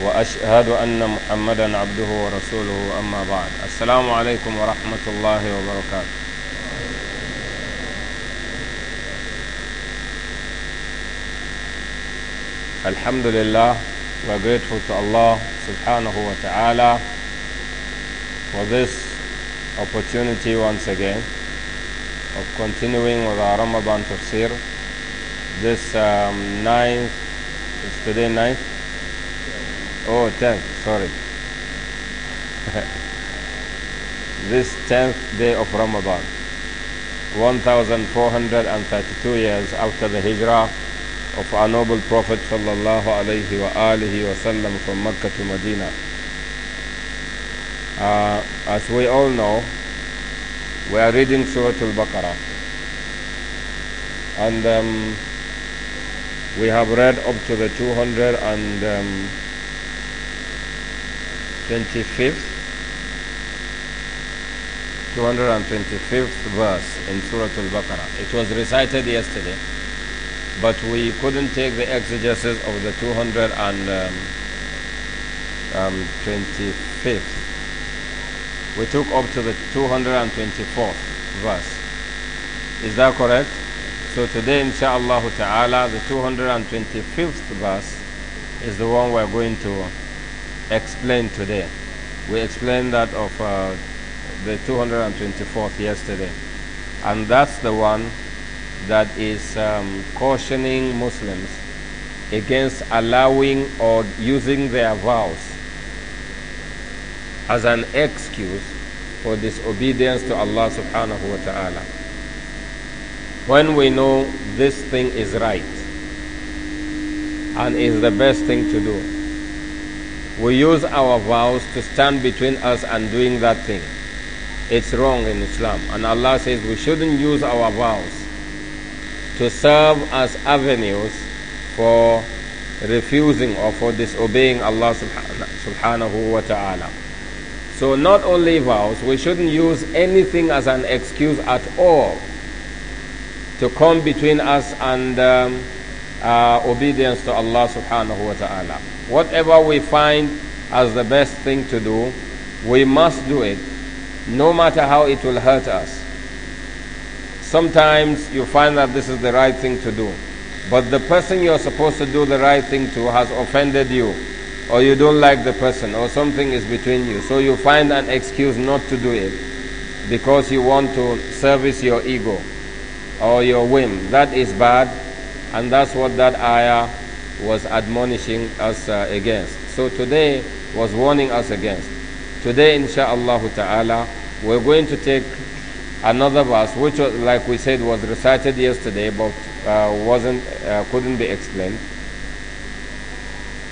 وأشهد أن محمدا عبده ورسوله أما بعد السلام عليكم ورحمة الله وبركاته Alhamdulillah, we are grateful to Allah subhanahu wa ta'ala for this opportunity once again of continuing with our Ramadan tafsir. This um, ninth, is today ninth, oh 10th sorry this 10th day of Ramadan 1432 years after the hijrah of our noble prophet sallallahu wa alihi from Mecca to Medina uh, as we all know we are reading Surah Al-Baqarah and um, we have read up to the 200 and um, 25th 225th verse in Surah Al-Baqarah. It was recited yesterday, but we couldn't take the exegesis of the 225th. Um, um, we took up to the 224th verse. Is that correct? So today, inshallah ta'ala, the 225th verse is the one we're going to explained today. We explained that of uh, the 224th yesterday. And that's the one that is um, cautioning Muslims against allowing or using their vows as an excuse for disobedience to Allah subhanahu wa ta'ala. When we know this thing is right and is the best thing to do, we use our vows to stand between us and doing that thing. It's wrong in Islam. And Allah says we shouldn't use our vows to serve as avenues for refusing or for disobeying Allah subhanahu wa ta'ala. So, not only vows, we shouldn't use anything as an excuse at all to come between us and um, uh, obedience to Allah subhanahu wa ta'ala. Whatever we find as the best thing to do, we must do it, no matter how it will hurt us. Sometimes you find that this is the right thing to do, but the person you're supposed to do the right thing to has offended you, or you don't like the person, or something is between you. So you find an excuse not to do it because you want to service your ego or your whim. That is bad, and that's what that ayah was admonishing us uh, against. So today was warning us against. Today, insha'Allah ta'ala, we're going to take another verse, which, uh, like we said, was recited yesterday but uh, wasn't, uh, couldn't be explained,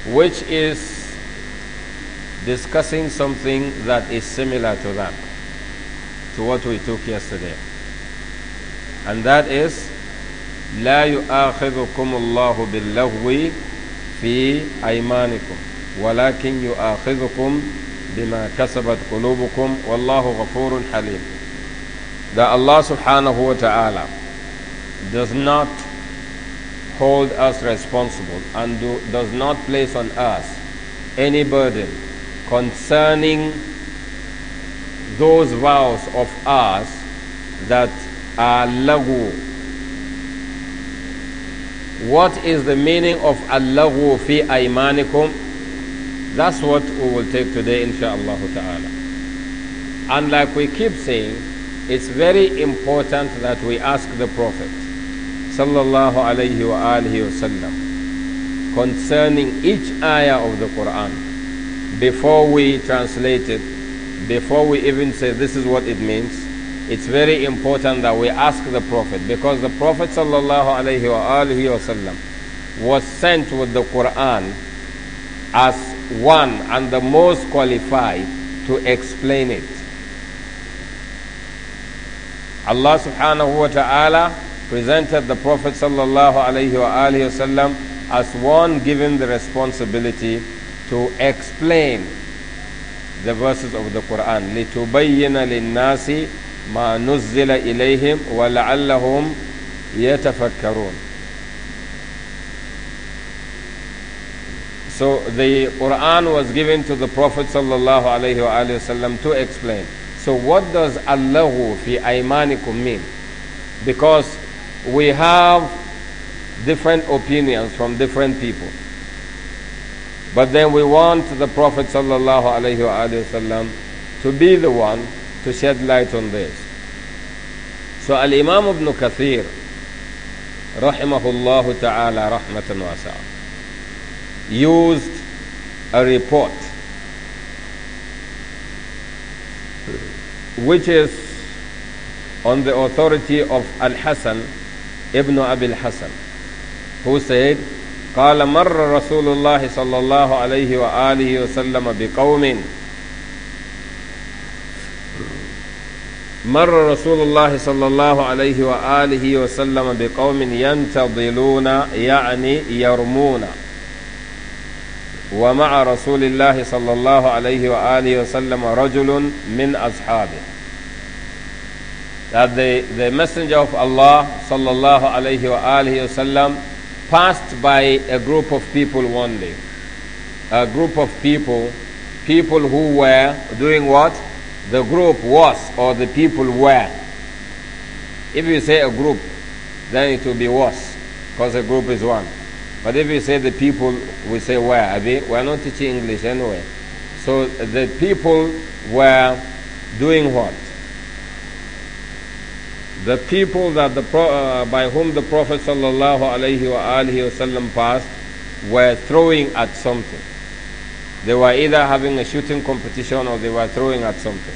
which is discussing something that is similar to that, to what we took yesterday. And that is لا يؤاخذكم الله باللغو في أيمانكم ولكن يؤاخذكم بما كسبت قلوبكم والله غفور حليم that Allah subhanahu wa ta'ala does not hold us responsible and do, does not place on us any burden concerning those vows of us that are lagu What is the meaning of Allahu fi aymanikum? That's what we will take today, inshaAllah ta'ala. And like we keep saying, it's very important that we ask the Prophet sallallahu alayhi wa alihi wasallam concerning each ayah of the Quran before we translate it, before we even say this is what it means, it's very important that we ask the Prophet because the Prophet وسلم, was sent with the Quran as one and the most qualified to explain it. Allah subhanahu wa ta'ala presented the Prophet sallallahu as one given the responsibility to explain the verses of the Quran. لِتُبَيِّنَ لِلنَّاسِ ما نزل إليهم ولعلهم يتفكرون So the Quran was given to the Prophet sallallahu alaihi wasallam to explain. So what does Allahu fi aymanikum mean? Because we have different opinions from different people. But then we want the Prophet sallallahu alaihi wasallam to be the one to shed light on this. So Al-Imam Ibn Kathir, rahimahullah ta'ala rahmatan wasa, used a report which is on the authority of Al-Hasan ibn Abi al-Hasan who said قال مر رسول الله صلى الله عليه وآله وسلم بقوم مر رسول الله صلى الله عليه وآله وسلم بقوم ينتظلون يعني يرمون ومع رسول الله صلى الله عليه وآله وسلم رجل من أصحابه that the, the messenger of Allah صلى الله عليه وآله وسلم passed by a group of people one day a group of people people who were doing what the group was or the people were. If you say a group, then it will be was because a group is one. But if you say the people, we say were. I mean, we are not teaching English anyway. So the people were doing what? The people that the Pro, uh, by whom the Prophet sallallahu alaihi wasallam passed were throwing at something. They were either having a shooting competition or they were throwing at something.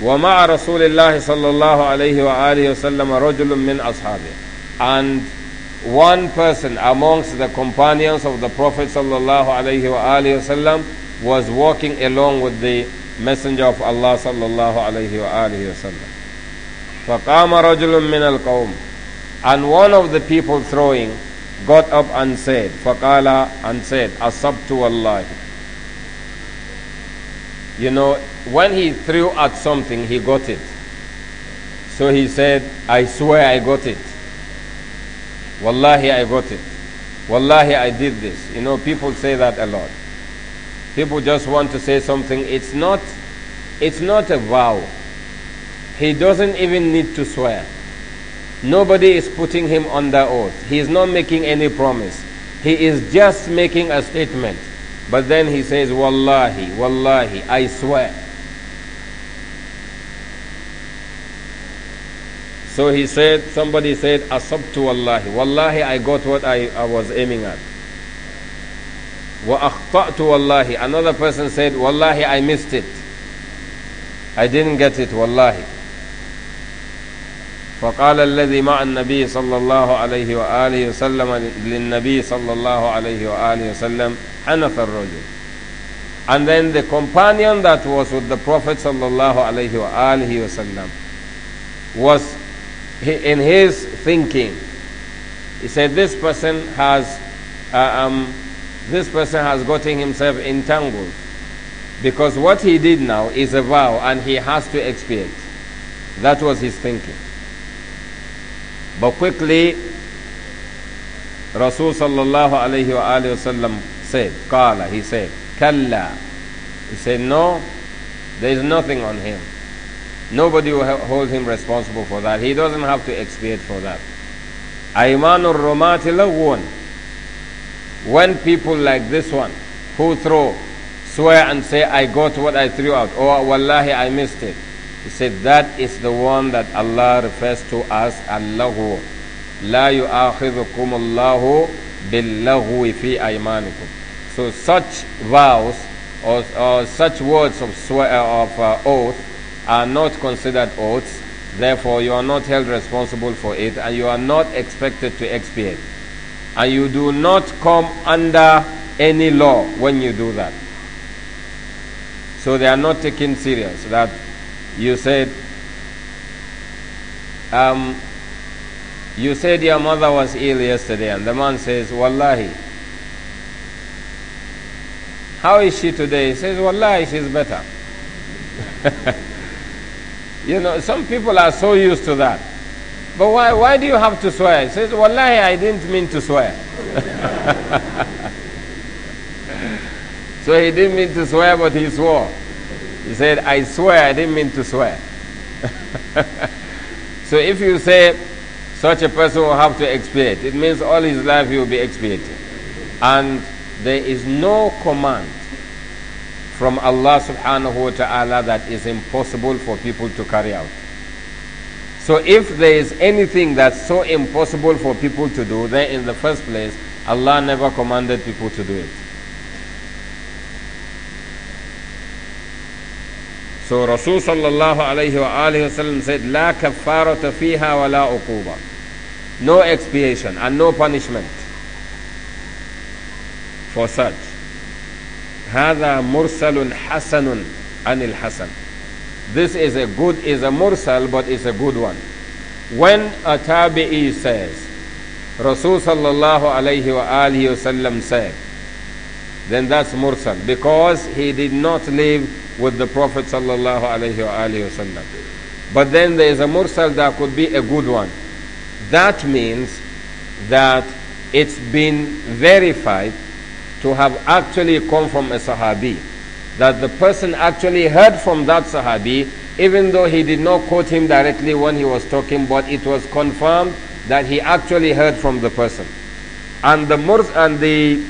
ومع رسول الله صلى الله عليه وآله وسلم رجل من أصحابه and one person amongst the companions of the Prophet صلى الله عليه وآله وسلم was walking along with the messenger of Allah صلى الله عليه وآله وسلم فقام رجل من القوم and one of the people throwing got up and said, Fakala and said, Asabtu Allah.'" You know, when he threw at something, he got it. So he said, I swear I got it. Wallahi, I got it. Wallahi, I did this. You know, people say that a lot. People just want to say something. It's not, it's not a vow. He doesn't even need to swear. Nobody is putting him under oath. He is not making any promise. He is just making a statement. But then he says, Wallahi, Wallahi, I swear. So he said, somebody said, Asabtu Wallahi. Wallahi, I got what I, I was aiming at. Wa akhta'tu Wallahi. Another person said, Wallahi, I missed it. I didn't get it, Wallahi. فَقَالَ الذي مع النبي صلى الله عليه وآله وسلم للنبي صلى الله عليه وآله وسلم حنث الرجل and then the companion that was with the Prophet صلى الله عليه وآله وسلم was in his thinking. He said, "This person has, uh, um, this person has gotten himself entangled because what he did now is a vow, and he has to expiate." That was his thinking. But quickly, Rasul sallallahu alayhi wa alayhi wasallam said, Qala, he said, Kalla. He said, No, there is nothing on him. Nobody will hold him responsible for that. He doesn't have to expiate for that. Aymanur Romati Lawun. When people like this one, who throw, swear and say, I got what I threw out, or Wallahi, I missed it he said, That is the one that Allah refers to as Allahu. La yu'akhidhukum Allahu billahwi fi aymanikum. So such vows or, or such words of, swear, of uh, oath are not considered oaths. Therefore, you are not held responsible for it and you are not expected to expiate. And you do not come under any law when you do that. So they are not taken serious that you said, um, you said your mother was ill yesterday, and the man says, Wallahi. How is she today? He says, Wallahi, she's better. you know, some people are so used to that. But why, why do you have to swear? He says, Wallahi, I didn't mean to swear. so he didn't mean to swear, but he swore. He said, I swear, I didn't mean to swear. so if you say such a person will have to expiate, it means all his life he will be expiating. And there is no command from Allah subhanahu wa ta'ala that is impossible for people to carry out. So if there is anything that's so impossible for people to do, then in the first place, Allah never commanded people to do it. So Rasul sallallahu alayhi wa alayhi wasallam said, "لا كفارة فيها wa la No expiation and no punishment for such. هذا مرسل حسن عن الحسن. This is a good, is a mursal, but it's a good one. When a tabi'i says, Rasul sallallahu alayhi wa alayhi wasallam said, then that's mursal because he did not live with the Prophet sallallahu But then there is a mursal that could be a good one. That means that it's been verified to have actually come from a Sahabi. That the person actually heard from that Sahabi, even though he did not quote him directly when he was talking, but it was confirmed that he actually heard from the person. And the Murs and the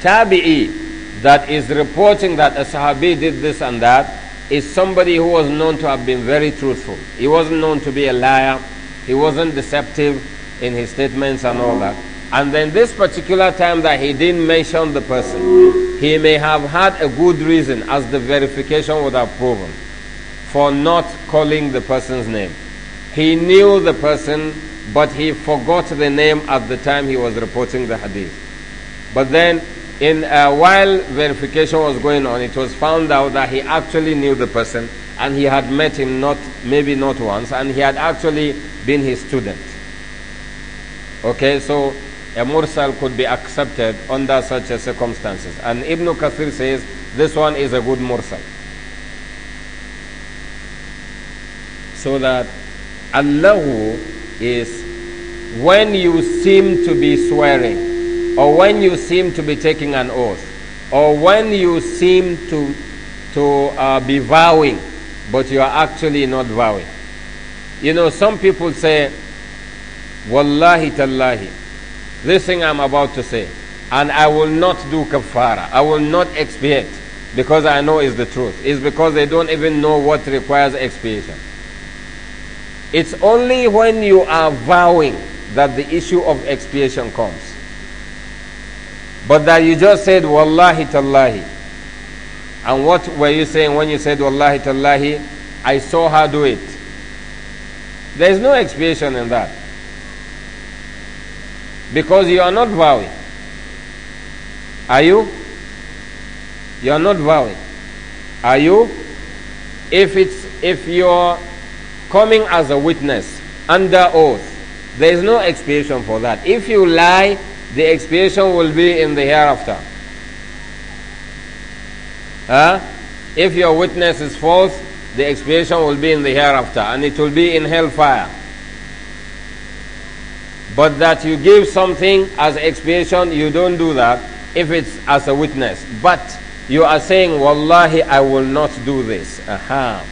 Tabi'i that is reporting that a Sahabi did this and that is somebody who was known to have been very truthful. He wasn't known to be a liar, he wasn't deceptive in his statements and all that. And then this particular time that he didn't mention the person, he may have had a good reason, as the verification would have proven, for not calling the person's name. He knew the person, but he forgot the name at the time he was reporting the hadith. But then in uh, while verification was going on, it was found out that he actually knew the person and he had met him not maybe not once, and he had actually been his student. Okay, so a mursal could be accepted under such circumstances. And Ibn Kathir says this one is a good mursal. So that Allahu is when you seem to be swearing or when you seem to be taking an oath, or when you seem to, to uh, be vowing, but you are actually not vowing. You know, some people say, Wallahi tallahi, this thing I'm about to say, and I will not do kafara, I will not expiate, because I know it's the truth. It's because they don't even know what requires expiation. It's only when you are vowing that the issue of expiation comes. But that you just said, Wallahi tallahi. And what were you saying when you said, Wallahi tallahi? I saw her do it. There is no expiation in that. Because you are not vowing. Are you? You are not vowing. Are you? If it's if you're coming as a witness under oath, there is no expiation for that. If you lie, the expiation will be in the hereafter. Huh? If your witness is false, the expiation will be in the hereafter and it will be in hellfire. But that you give something as expiation, you don't do that if it's as a witness. But you are saying, Wallahi, I will not do this. Aha.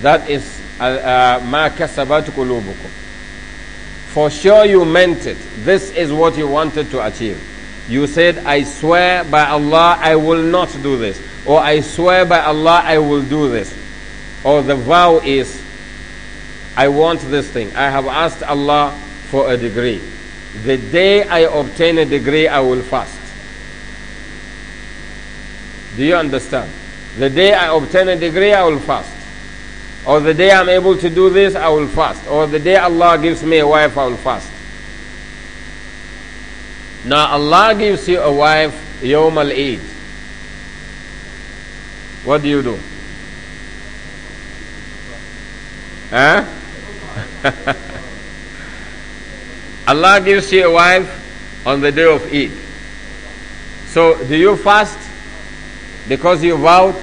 That is uh, uh, ma kasabat kulubukum. For sure you meant it. This is what you wanted to achieve. You said, I swear by Allah, I will not do this. Or I swear by Allah, I will do this. Or the vow is, I want this thing. I have asked Allah for a degree. The day I obtain a degree, I will fast. Do you understand? The day I obtain a degree, I will fast. Or the day I'm able to do this, I will fast. Or the day Allah gives me a wife, I will fast. Now Allah gives you a wife, Yawm al Eid. What do you do? Huh? Allah gives you a wife on the day of Eid. So do you fast because you vowed?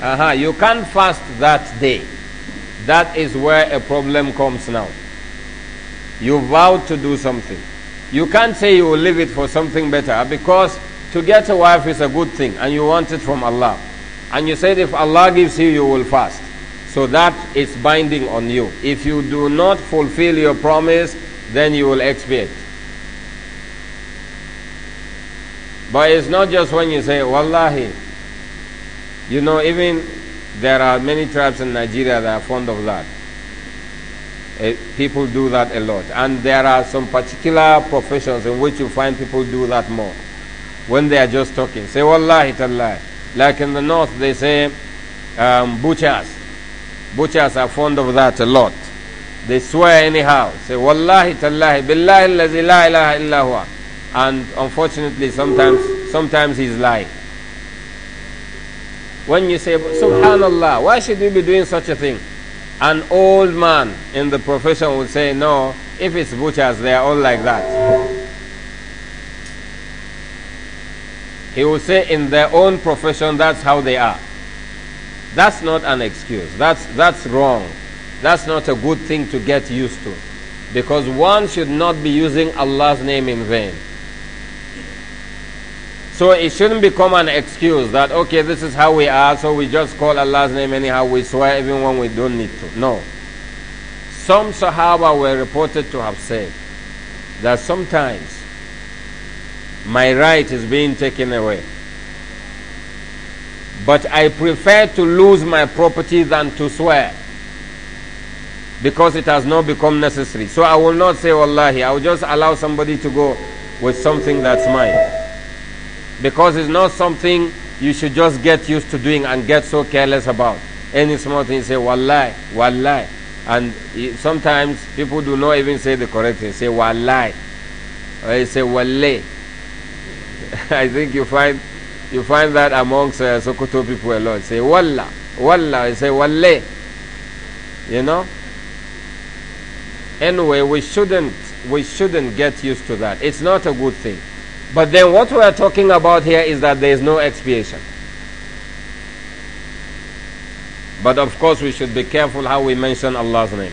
Uh-huh. You can't fast that day. That is where a problem comes now. You vowed to do something. You can't say you will leave it for something better because to get a wife is a good thing and you want it from Allah. And you said if Allah gives you, you will fast. So that is binding on you. If you do not fulfill your promise, then you will expiate. But it's not just when you say, Wallahi. You know, even there are many tribes in Nigeria that are fond of that. Uh, people do that a lot. And there are some particular professions in which you find people do that more. When they are just talking, say, Wallahi Tallahi. Like in the north, they say, um, butchers. Butchers are fond of that a lot. They swear anyhow. Say, Wallahi Tallahi, Billahi la ilaha illa And unfortunately, sometimes, sometimes he's lying. When you say, Subhanallah, why should we be doing such a thing? An old man in the profession would say, No, if it's butchers, they are all like that. He would say, In their own profession, that's how they are. That's not an excuse. That's, that's wrong. That's not a good thing to get used to. Because one should not be using Allah's name in vain. So it shouldn't become an excuse that, okay, this is how we are, so we just call Allah's name anyhow, we swear even when we don't need to. No. Some Sahaba were reported to have said that sometimes my right is being taken away. But I prefer to lose my property than to swear because it has not become necessary. So I will not say Wallahi, I will just allow somebody to go with something that's mine because it's not something you should just get used to doing and get so careless about. Any small thing, say wallahi, wallahi. And sometimes people do not even say the correct thing. Say wallahi. Or they say wallahi. I think you find you find that amongst uh, Sokoto people a lot. Say wallah, wallah. They say wallahi. You know. Anyway, we shouldn't we shouldn't get used to that. It's not a good thing. But then what we are talking about here is that there is no expiation. But of course, we should be careful how we mention Allah's name.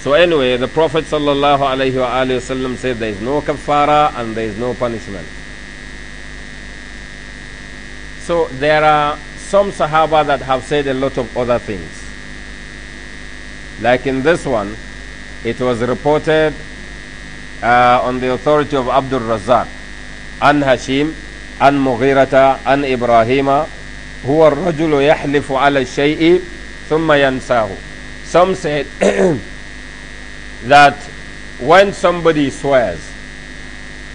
So anyway, the Prophet sallallahu alaihi wasallam said there is no kafara and there is no punishment. So there are some Sahaba that have said a lot of other things. Like in this one, it was reported uh, on the authority of Abdul Razak, an Hashim, an Mughirata, an Ibrahima, هو الرجل يحلف على الشيء ثم ينساه. Some said that when somebody swears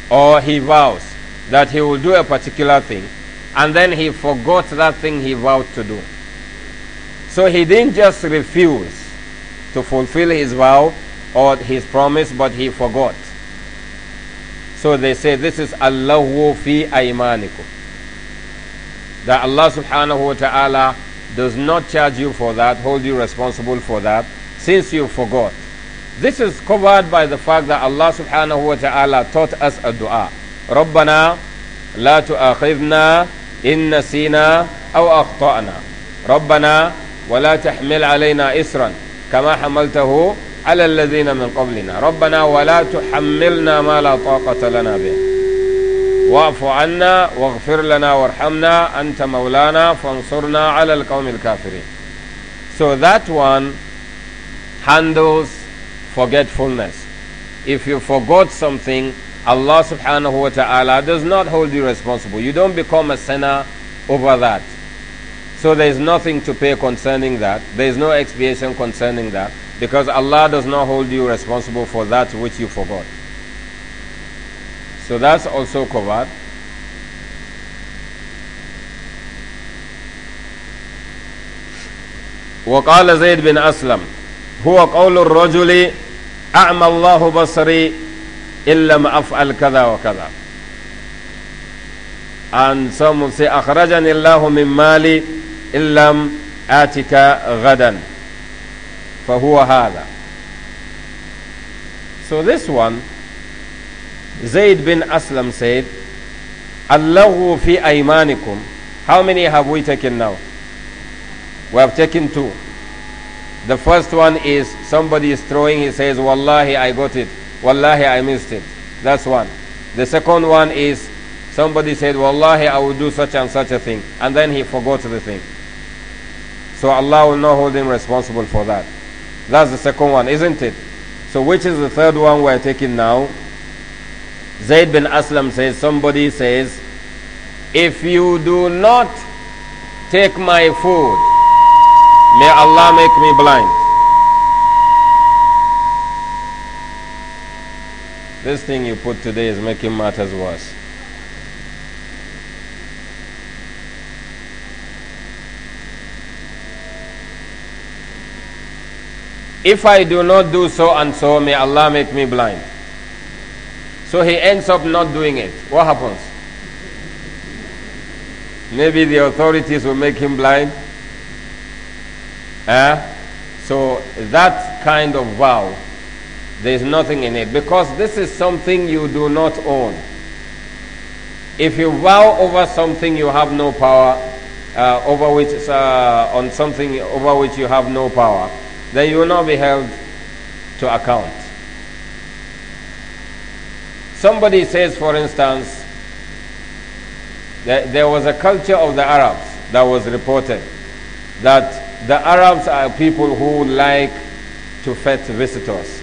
or he vows that he will do a particular thing and then he forgot that thing he vowed to do. So he didn't just refuse to fulfill his vow or his promise, but he forgot. So they say this is Allahu fi aymanikum. That Allah subhanahu wa ta'ala does not charge you for that, hold you responsible for that, since you forgot. This is covered by the fact that Allah subhanahu wa ta'ala taught us a dua. ربنا لا تؤاخذنا إن نسينا أو أخطأنا ربنا ولا تحمل علينا إسرا كما حملته على الذين من قبلنا ربنا ولا تحملنا ما لا طاقة لنا به واعف عنا واغفر لنا وارحمنا أنت مولانا فانصرنا على القوم الكافرين So that one handles forgetfulness. If you forgot something, Allah subhanahu wa ta'ala does not hold you responsible. You don't become a sinner over that. So there is nothing to pay concerning that. There is no expiation concerning that. Because Allah does not hold you responsible for that which you forgot. So that's also covered. وقال زيد بن أسلم هو قول الرجل أعمى الله بصري إن لم أفعل كذا وكذا and some will say أخرجني الله من مالي إن لم آتك غدا فهو هذا So this one Zayd bin Aslam said Allahu fi aymanikum How many have we taken now? We have taken two The first one is somebody is throwing he says Wallahi I got it Wallahi I missed it That's one The second one is somebody said Wallahi I will do such and such a thing And then he forgot the thing So Allah will not hold him responsible for that that's the second one, isn't it? So which is the third one we're taking now? Zayd bin Aslam says, somebody says, if you do not take my food, may Allah make me blind. This thing you put today is making matters worse. If I do not do so and so, may Allah make me blind. So he ends up not doing it. What happens? Maybe the authorities will make him blind. Eh? So that kind of vow, there is nothing in it because this is something you do not own. If you vow over something you have no power, uh, over which uh, on something over which you have no power, then you will not be held to account. Somebody says, for instance, that there was a culture of the Arabs that was reported that the Arabs are people who like to fetch visitors.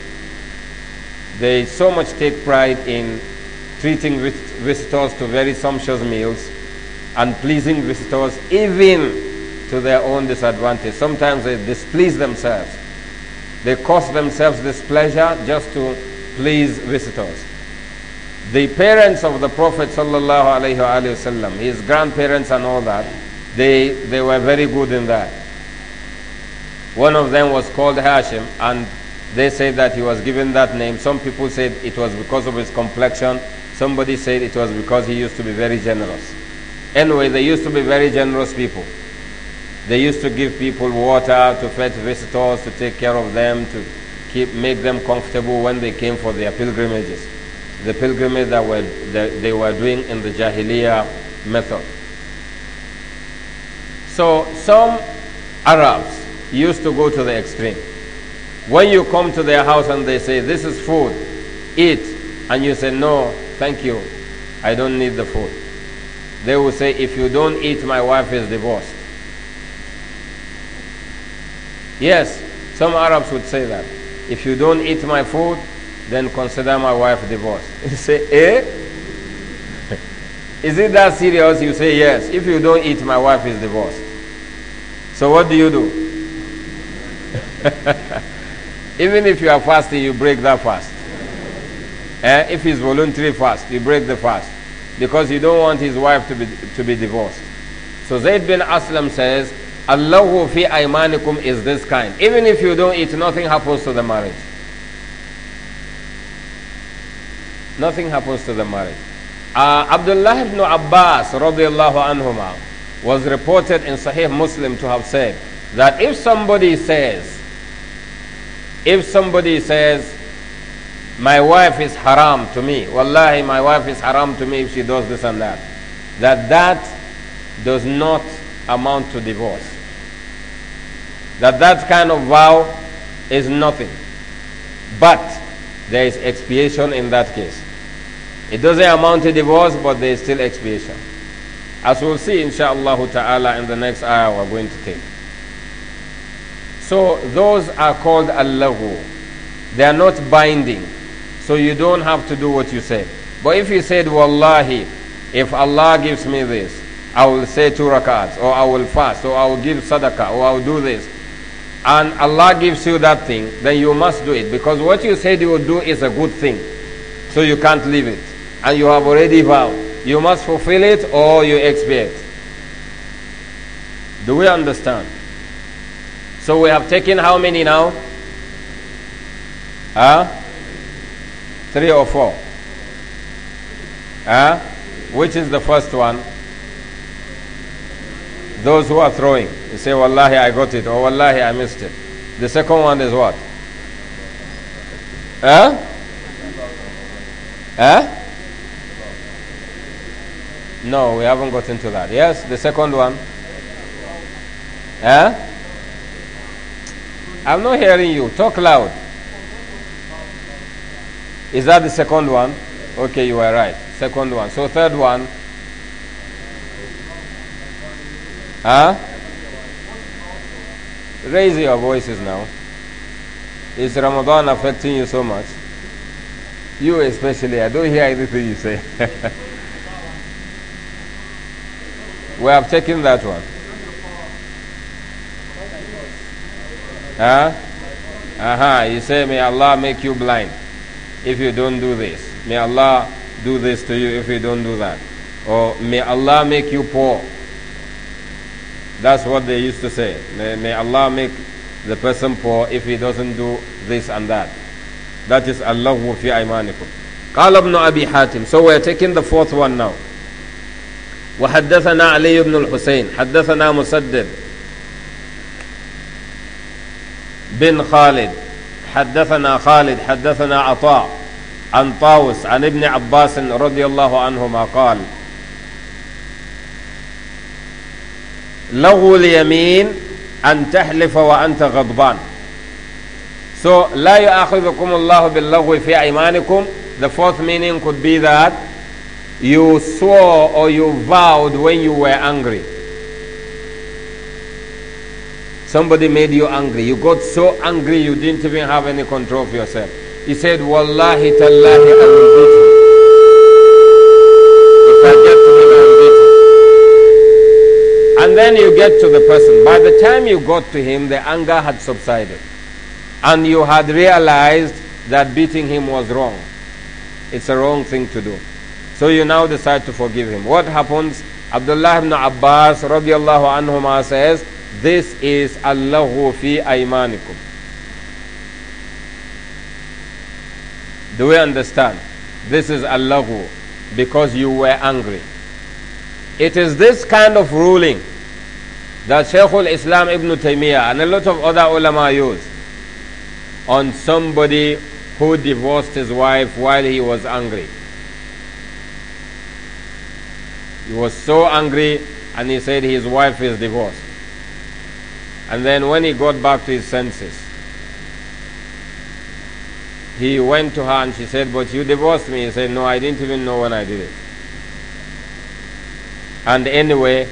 They so much take pride in treating visitors to very sumptuous meals and pleasing visitors, even to their own disadvantage. Sometimes they displease themselves. They cause themselves displeasure just to please visitors. The parents of the Prophet وسلم, his grandparents and all that, they, they were very good in that. One of them was called Hashim, and they said that he was given that name. Some people said it was because of his complexion. Somebody said it was because he used to be very generous. Anyway, they used to be very generous people. They used to give people water, to fetch visitors, to take care of them, to keep, make them comfortable when they came for their pilgrimages. The pilgrimage that, were, that they were doing in the Jahiliyyah method. So some Arabs used to go to the extreme. When you come to their house and they say, This is food, eat, and you say, No, thank you, I don't need the food. They will say, If you don't eat, my wife is divorced. Yes, some Arabs would say that. If you don't eat my food, then consider my wife divorced. You say, eh? is it that serious? You say, yes. If you don't eat, my wife is divorced. So what do you do? Even if you are fasting, you break that fast. Eh? If he's voluntary fast, you break the fast. Because you don't want his wife to be, to be divorced. So Zayd bin Aslam says, Allahu fi aymanikum is this kind. Even if you don't eat, nothing happens to the marriage. Nothing happens to the marriage. Uh, Abdullah ibn Abbas radiallahu anhuma was reported in Sahih Muslim to have said that if somebody says, if somebody says, my wife is haram to me, wallahi, my wife is haram to me if she does this and that, that that does not amount to divorce that that kind of vow is nothing. But there is expiation in that case. It doesn't amount to divorce, but there is still expiation. As we'll see, inshallah ta'ala, in the next ayah we're going to take. So those are called allahu. They are not binding. So you don't have to do what you said. But if you said, Wallahi, if Allah gives me this, I will say two rakats, or I will fast, or I will give sadaqah, or I will do this, and Allah gives you that thing, then you must do it because what you said you will do is a good thing. So you can't leave it. And you have already vowed. You must fulfill it or you expiate. Do we understand? So we have taken how many now? Huh? Three or four? Huh? Which is the first one? Those who are throwing, you say, Wallahi, I got it, or Wallahi, I missed it. The second one is what? Huh? Huh? No, we haven't got into that. Yes, the second one. Huh? I'm not hearing you. Talk loud. Is that the second one? Okay, you are right. Second one. So, third one. Huh? Raise your voices now. Is Ramadan affecting you so much? You especially, I don't hear anything you say. we have taken that one. Huh? Uh-huh. You say, may Allah make you blind if you don't do this. May Allah do this to you if you don't do that. Or may Allah make you poor That's what they used to say. May, may Allah make the person poor if he doesn't do this and that. That is Allah fi aymanikum. قال ابن أبي حاتم So we're taking the fourth one now. وحدثنا علي بن الحسين حدثنا مسدد بن خالد حدثنا خالد حدثنا عطاء عن طاوس عن ابن عباس رضي الله عنهما قال أن تحلف وأنت غضبان So لا يؤاخذكم الله باللغو في أيمانكم The fourth meaning could be that you swore or you vowed when you were angry. Somebody made you angry. You got so angry you didn't even have any control of yourself. He said, Wallahi tallahi I will beat get to the person, by the time you got to him, the anger had subsided. And you had realized that beating him was wrong. It's a wrong thing to do. So you now decide to forgive him. What happens? Abdullah ibn Abbas radiallahu anhuma says, This is Allahu fi aymanikum. Do we understand? This is Allahu because you were angry. It is this kind of ruling that Shaykhul Islam Ibn Taymiyyah and a lot of other ulama use on somebody who divorced his wife while he was angry. He was so angry and he said his wife is divorced. And then when he got back to his senses, he went to her and she said, But you divorced me. He said, No, I didn't even know when I did it. And anyway,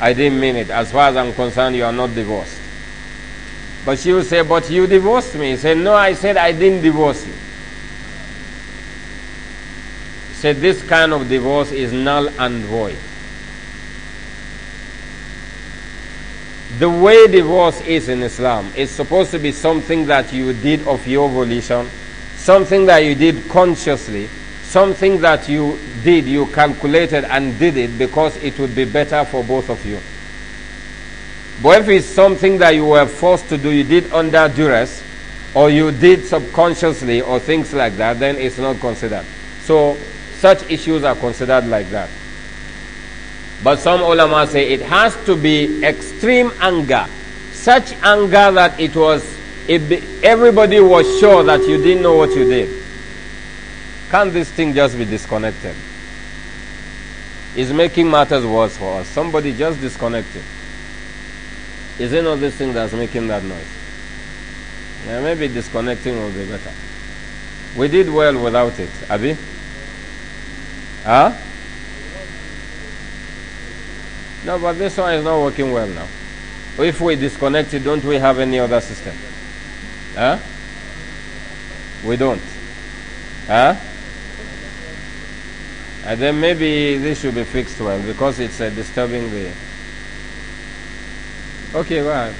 I didn't mean it. As far as I'm concerned, you are not divorced. But she will say, But you divorced me. He said, No, I said I didn't divorce you. He said, This kind of divorce is null and void. The way divorce is in Islam is supposed to be something that you did of your volition, something that you did consciously, something that you did, you calculated and did it because it would be better for both of you. But if it's something that you were forced to do, you did under duress, or you did subconsciously, or things like that, then it's not considered. So, such issues are considered like that. But some ulama say it has to be extreme anger, such anger that it was, it be, everybody was sure that you didn't know what you did. Can't this thing just be disconnected? It's making matters worse for us. Somebody just disconnected. Is it not this thing that's making that noise? Yeah, maybe disconnecting will be better. We did well without it, Abi. Huh? No, but this one is not working well now. If we disconnect it, don't we have any other system? Huh? We don't. Huh? And then maybe this should be fixed one because it's a disturbing the. Okay, well.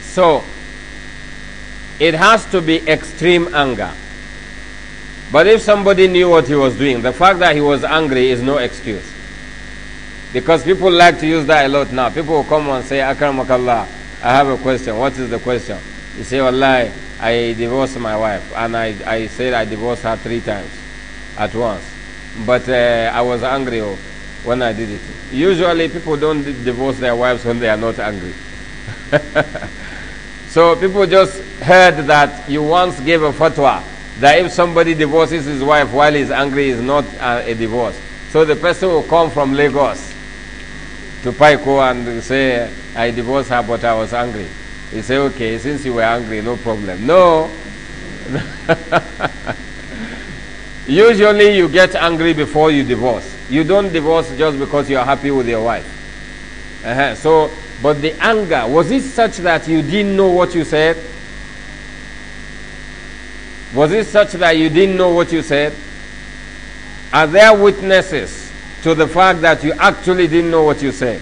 So, it has to be extreme anger. But if somebody knew what he was doing, the fact that he was angry is no excuse. Because people like to use that a lot now. People will come and say, Akramakallah, I have a question. What is the question? You say, Wallahi, I divorced my wife, and I, I said I divorced her three times at once. But uh, I was angry when I did it. Usually, people don't divorce their wives when they are not angry. so, people just heard that you once gave a fatwa that if somebody divorces his wife while he's angry, is not uh, a divorce. So, the person will come from Lagos to Paiko and say, I divorced her, but I was angry. He said, okay, since you were angry, no problem. No. Usually you get angry before you divorce. You don't divorce just because you are happy with your wife. Uh-huh. So, but the anger, was it such that you didn't know what you said? Was it such that you didn't know what you said? Are there witnesses to the fact that you actually didn't know what you said?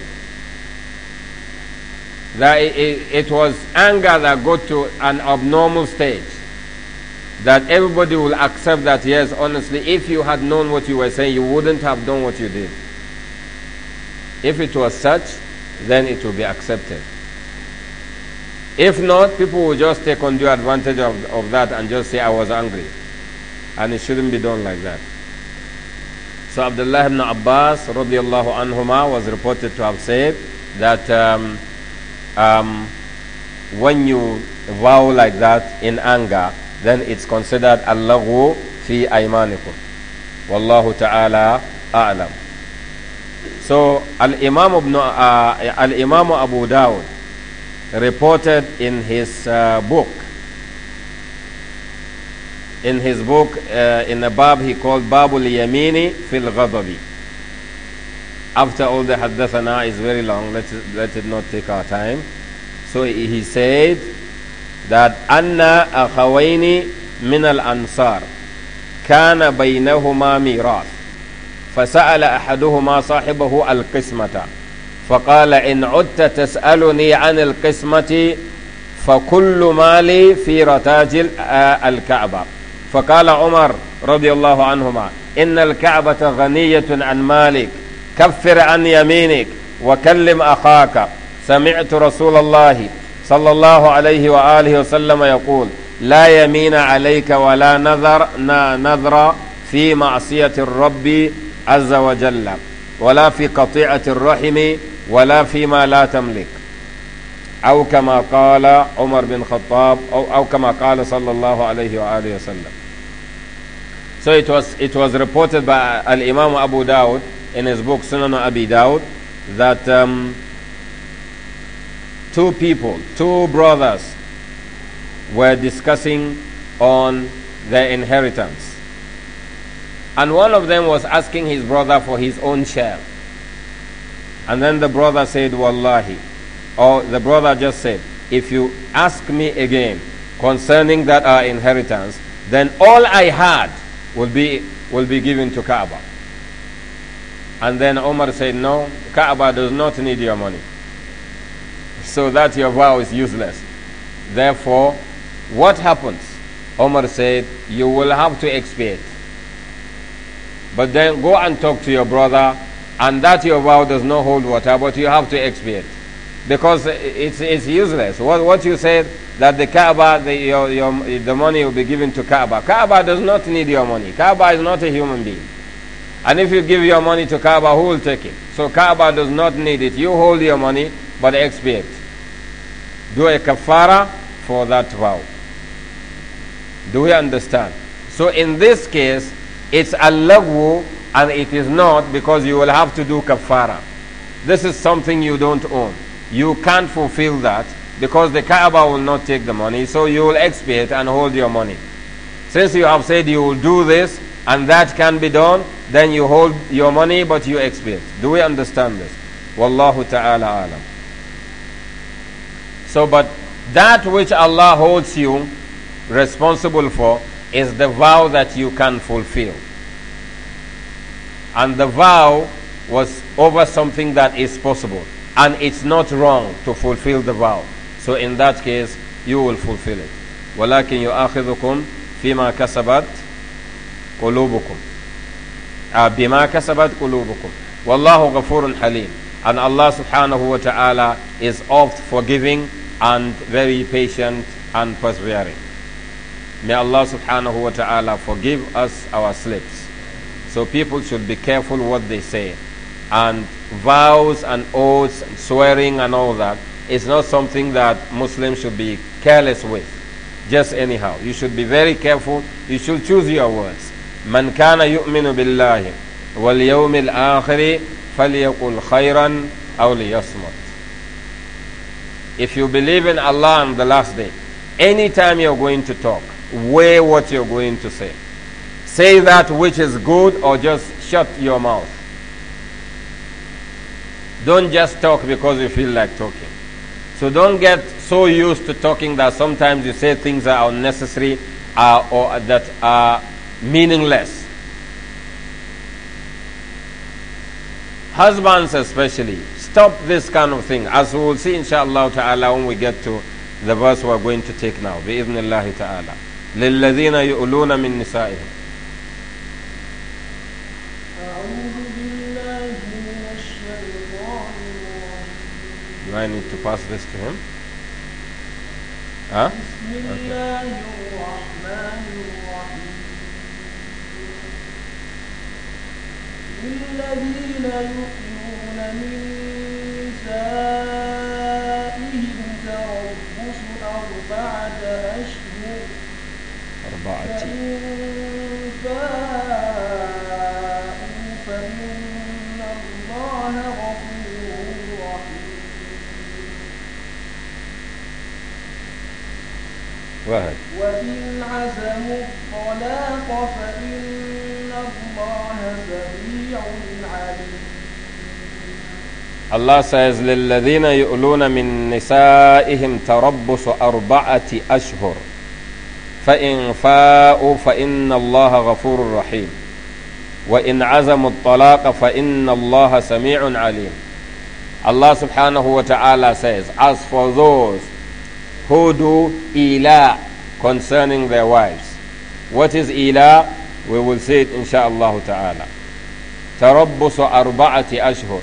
that it, it was anger that got to an abnormal stage. That everybody will accept that, yes, honestly, if you had known what you were saying, you wouldn't have done what you did. If it was such, then it will be accepted. If not, people will just take undue advantage of, of that and just say, I was angry. And it shouldn't be done like that. So Abdullah ibn Abbas radiallahu anhuma was reported to have said that um, um, when you vow like that in anger, then it's considered allahu fi aymanikum. Wallahu ta'ala a'lam. So Al-Imam, ibn, uh, Al-Imam Abu Dawud reported in his uh, book, in his book, uh, in a bab he called Babul Yamini fil Ghadabi after all the haddathana is very long, let it, let it not take our time. So he said that Anna أخوين من الأنصار كان بينهما ميراث فسأل أحدهما صاحبه القسمة فقال إن عدت تسألني عن القسمة فكل مالي في رتاج آه، الكعبة فقال عمر رضي الله عنهما إن الكعبة غنية عن مالك كفر عن يمينك وكلم أخاك سمعت رسول الله صلى الله عليه وآله وسلم يقول لا يمين عليك ولا نذر نذر في معصية الرب عز وجل ولا في قطيعة الرحم ولا فيما لا تملك أو كما قال عمر بن خطاب أو, أو كما قال صلى الله عليه وآله وسلم So it was, it was reported by Al-Imam Abu Dawud in his book Sunan Abi Dawud that um, two people, two brothers, were discussing on their inheritance. And one of them was asking his brother for his own share. And then the brother said, Wallahi. Or the brother just said, If you ask me again concerning that our uh, inheritance, then all I had will be, will be given to Kaaba. And then Omar said, No, Kaaba does not need your money. So that your vow is useless. Therefore, what happens? Omar said, You will have to expiate. But then go and talk to your brother, and that your vow does not hold water, but you have to expiate. Because it's, it's useless. What, what you said, that the Kaaba, the, your, your, the money will be given to Kaaba. Kaaba does not need your money. Kaaba is not a human being. And if you give your money to Kaaba, who will take it? So Kaaba does not need it. You hold your money, but expiate. Do a kafara for that vow. Do we understand? So in this case, it's a lagwu and it is not because you will have to do kafara. This is something you don't own. You can't fulfill that because the Kaaba will not take the money, so you will expiate and hold your money. Since you have said you will do this, and that can be done, then you hold your money but you expiate. Do we understand this? Wallahu ta'ala alam. So, but that which Allah holds you responsible for is the vow that you can fulfill. And the vow was over something that is possible. And it's not wrong to fulfill the vow. So in that case, you will fulfill it. وَلَكِنْ يُؤَخِذُكُمْ فِيمَا كَسَبَتْ قلوبكم بما كسبت قلوبكم والله غفور حليم And Allah subhanahu wa ta'ala is oft forgiving and very patient and persevering. May Allah subhanahu wa ta'ala forgive us our slips. So people should be careful what they say. And vows and oaths and swearing and all that is not something that Muslims should be careless with. Just anyhow. You should be very careful. You should choose your words. من كان يؤمن بالله واليوم الآخر فليقل خيرا أو ليصمت If you believe in Allah on the last day, anytime you're going to talk, weigh what you're going to say. Say that which is good or just shut your mouth. Don't just talk because you feel like talking. So don't get so used to talking that sometimes you say things that are unnecessary uh, or that are meaningless. Husbands especially, stop this kind of thing, as we will see inshallah ta'ala when we get to the verse we are going to take now, بإذن Taala. للذين يؤلون من نسائهم Do I need to pass this to him? Huh? Okay. للذين يؤمنون من نسائهم تربص أربعة أشهر أربعة فاءوا فإن الله غفور رحيم وإن عزموا الطلاق فإن الله سميع عليم Allah says, لِلَّذِينَ يُؤْلُونَ مِن نِسَائِهِمْ تَرَبُّصُ أَرْبَعَةِ أَشْهُرٍ فإن فاءوا فإن الله غفور رحيم وإن عزموا الطلاق فإن الله سميع عليم الله سبحانه وتعالى says, As for those who do إلاء concerning their wives, what is إلاء We will see it insha'Allah ta'ala. تربص أربعة أشهر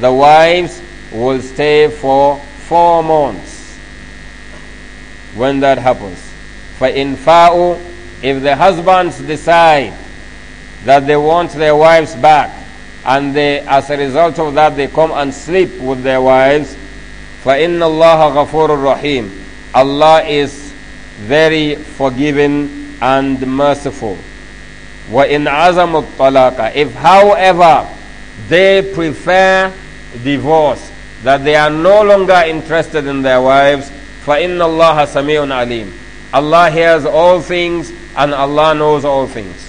The wives will stay for four months. When that happens. فإن فاؤوا If the husbands decide that they want their wives back and they, as a result of that they come and sleep with their wives فإن الله غفور رحيم Allah is very forgiving and merciful azam عَزَمُ talaka. If however they prefer divorce, that they are no longer interested in their wives, فَإِنَّ Allah سَمِيعٌ alim. Allah hears all things and Allah knows all things.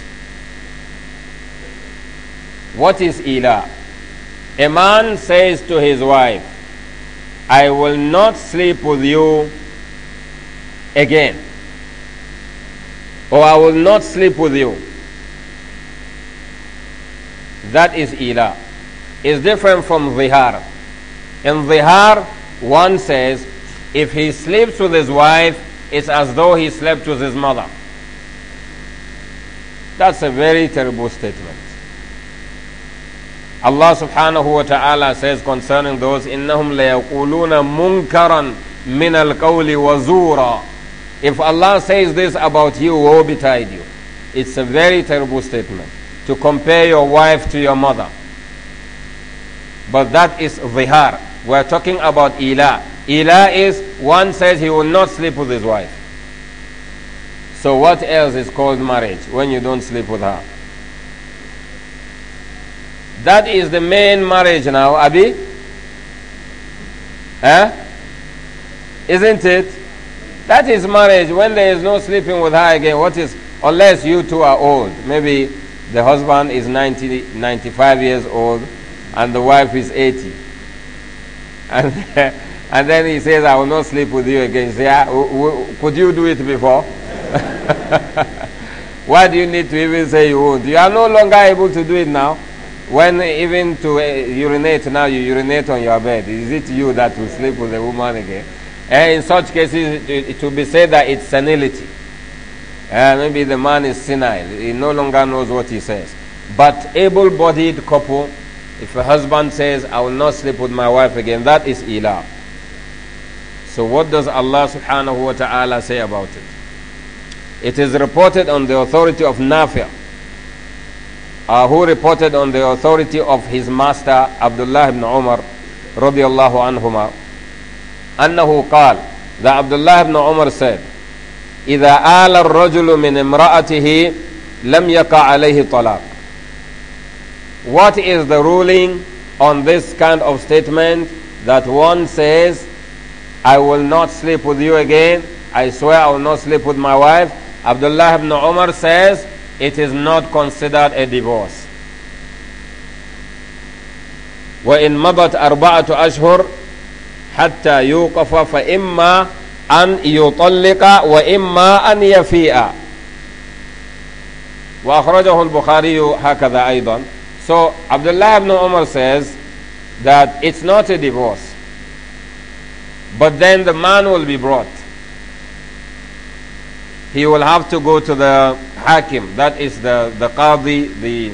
What is ila? A man says to his wife, I will not sleep with you again. Or I will not sleep with you. That is ila. Is different from zihar. In zihar, one says, if he sleeps with his wife, it's as though he slept with his mother. That's a very terrible statement. Allah subhanahu wa ta'ala says concerning those, إِنَّهُمْ لَيَقُولُونَ مُنْكَرًا مِنَ الْقَوْلِ وَزُورًا If Allah says this about you, woe betide you. It's a very terrible statement to compare your wife to your mother. But that is zihar. We're talking about ila. Ila is one says he will not sleep with his wife. So what else is called marriage when you don't sleep with her? That is the main marriage now, Abi. Eh? Isn't it? That is marriage when there is no sleeping with her again. What is, unless you two are old, maybe the husband is 90, 95 years old and the wife is 80. And, and then he says, I will not sleep with you again. Yeah, could you do it before? Why do you need to even say you won't? You are no longer able to do it now. When even to uh, urinate now, you urinate on your bed. Is it you that will sleep with a woman again? And eh, in such cases, it, it will be said that it's senility. Uh, maybe the man is senile. He no longer knows what he says. But able-bodied couple, if a husband says, I will not sleep with my wife again, that is ila. So what does Allah subhanahu wa ta'ala say about it? It is reported on the authority of Nafi'ah, uh, who reported on the authority of his master Abdullah ibn Umar radiallahu anhuma, أنّه قال that Abdullah ibn Umar said, إذا آل الرجل من امرأته لم يقع عليه طلاق What is the ruling on this kind of statement that one says, I will not sleep with you again, I swear I will not sleep with my wife. Abdullah ibn Umar says, it is not considered a divorce. وإن مضت أربعة أشهر حتى يوقف فإما imma يطلق وإما أن يفيء وأخرجه البخاري هكذا أيضا So Abdullah ibn Umar says that it's not a divorce but then the man will be brought he will have to go to the hakim that is the, the qadi the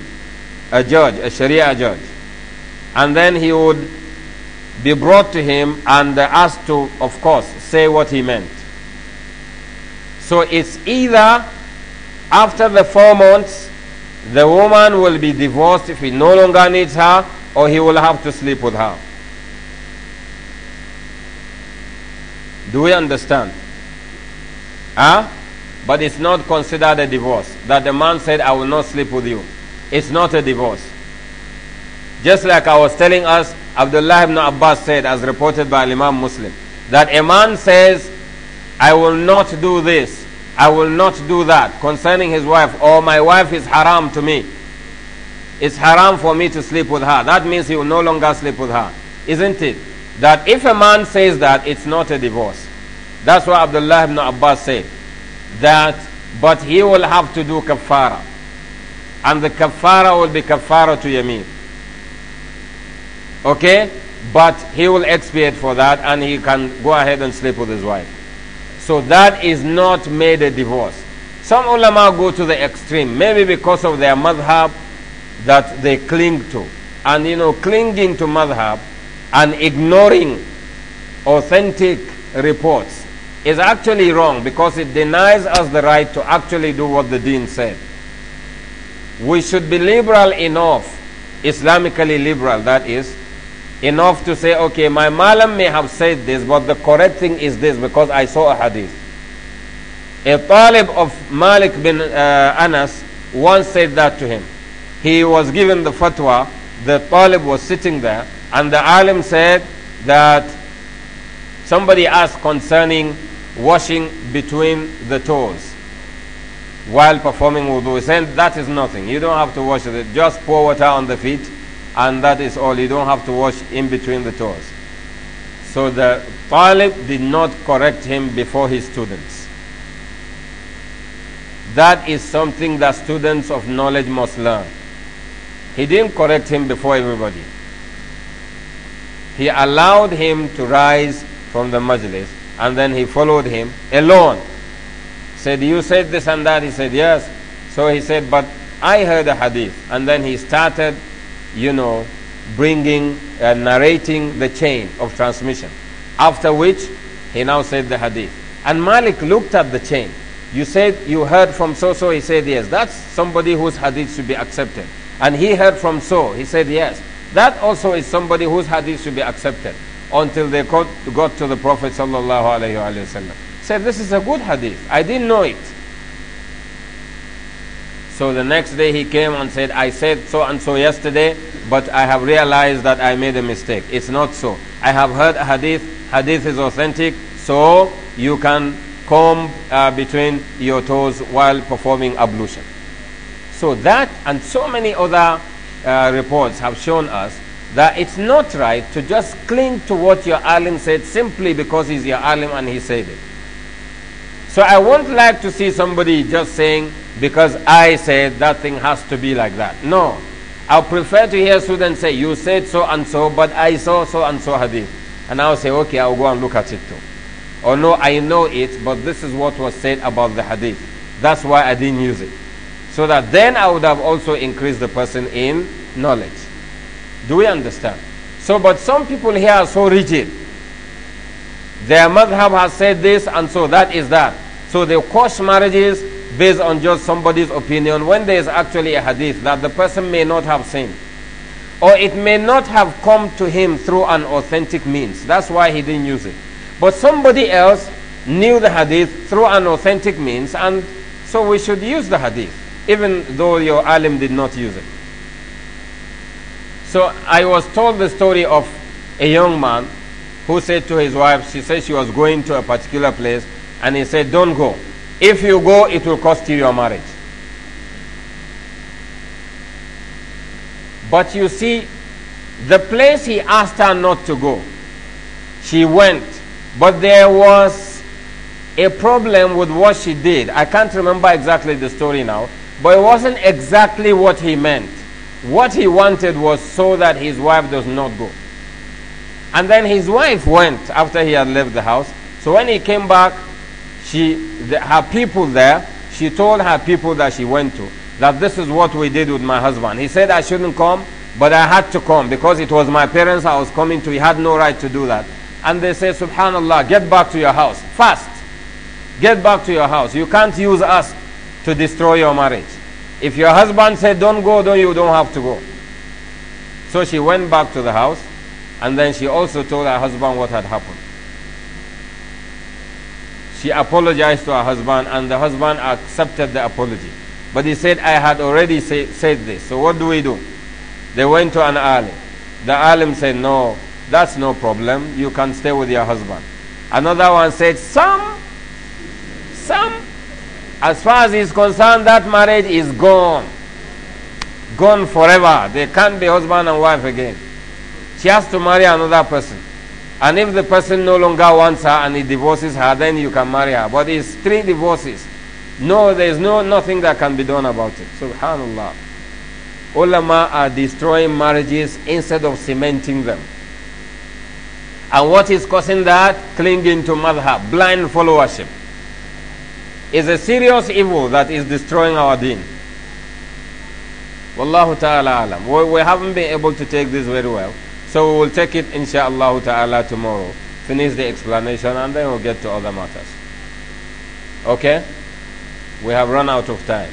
a judge a sharia judge and then he would be brought to him and asked to, of course, say what he meant. So it's either after the four months, the woman will be divorced if he no longer needs her, or he will have to sleep with her. Do we understand? Huh? But it's not considered a divorce. That the man said, I will not sleep with you. It's not a divorce. Just like I was telling us Abdullah ibn Abbas said, as reported by Imam Muslim, that a man says, I will not do this, I will not do that concerning his wife, or my wife is haram to me. It's haram for me to sleep with her. That means he will no longer sleep with her. Isn't it? That if a man says that, it's not a divorce. That's what Abdullah ibn Abbas said. That, but he will have to do kafara. And the kafara will be kafara to Yameen. Okay? But he will expiate for that and he can go ahead and sleep with his wife. So that is not made a divorce. Some ulama go to the extreme, maybe because of their madhab that they cling to. And you know, clinging to madhab and ignoring authentic reports is actually wrong because it denies us the right to actually do what the dean said. We should be liberal enough, Islamically liberal, that is, enough to say, okay, my malam may have said this, but the correct thing is this because I saw a hadith. A talib of Malik bin uh, Anas once said that to him. He was given the fatwa, the talib was sitting there, and the alim said that somebody asked concerning washing between the toes while performing wudu. He said, that is nothing. You don't have to wash it. Just pour water on the feet and that is all. You don't have to wash in between the tours. So the Talib did not correct him before his students. That is something that students of knowledge must learn. He didn't correct him before everybody. He allowed him to rise from the majlis and then he followed him alone. Said, You said this and that. He said, Yes. So he said, But I heard a hadith. And then he started you know, bringing and narrating the chain of transmission. After which, he now said the hadith. And Malik looked at the chain. You said you heard from so so, he said yes. That's somebody whose hadith should be accepted. And he heard from so, he said yes. That also is somebody whose hadith should be accepted until they got, got to the Prophet sallallahu alaihi wasallam. Said this is a good hadith. I didn't know it. So the next day he came and said, I said so and so yesterday, but I have realized that I made a mistake. It's not so. I have heard a hadith, hadith is authentic, so you can comb uh, between your toes while performing ablution. So that and so many other uh, reports have shown us that it's not right to just cling to what your alim said simply because he's your alim and he said it. So I won't like to see somebody just saying, because I said that thing has to be like that. No. I prefer to hear students say, you said so and so, but I saw so and so hadith. And I'll say, okay, I'll go and look at it too. Or no, I know it, but this is what was said about the hadith. That's why I didn't use it. So that then I would have also increased the person in knowledge. Do we understand? So, but some people here are so rigid. Their madhab has said this, and so that is that. So they quash marriages based on just somebody's opinion when there is actually a hadith that the person may not have seen. Or it may not have come to him through an authentic means. That's why he didn't use it. But somebody else knew the hadith through an authentic means, and so we should use the hadith, even though your alim did not use it. So I was told the story of a young man who said to his wife, she said she was going to a particular place, and he said, Don't go. If you go, it will cost you your marriage. But you see, the place he asked her not to go, she went. But there was a problem with what she did. I can't remember exactly the story now, but it wasn't exactly what he meant. What he wanted was so that his wife does not go. And then his wife went after he had left the house. So when he came back, she, the, her people there, she told her people that she went to that this is what we did with my husband. He said I shouldn't come, but I had to come because it was my parents I was coming to. He had no right to do that. And they said, Subhanallah, get back to your house. Fast. Get back to your house. You can't use us to destroy your marriage. If your husband said, Don't go, then you don't have to go. So she went back to the house and then she also told her husband what had happened. She apologized to her husband, and the husband accepted the apology. But he said, I had already say, said this. So what do we do? They went to an alim. The alim said, No, that's no problem. You can stay with your husband. Another one said, Some, some, as far as is concerned, that marriage is gone. Gone forever. They can't be husband and wife again. She has to marry another person. And if the person no longer wants her and he divorces her, then you can marry her. But it's three divorces. No, there is no nothing that can be done about it. Subhanallah. Ulama are destroying marriages instead of cementing them. And what is causing that? Clinging to madhab, blind followership. Is a serious evil that is destroying our deen. Wallahu ta'ala alam. We, we haven't been able to take this very well. So we will take it insha'Allah ta'ala tomorrow. Finish the explanation and then we'll get to other matters. Okay? We have run out of time.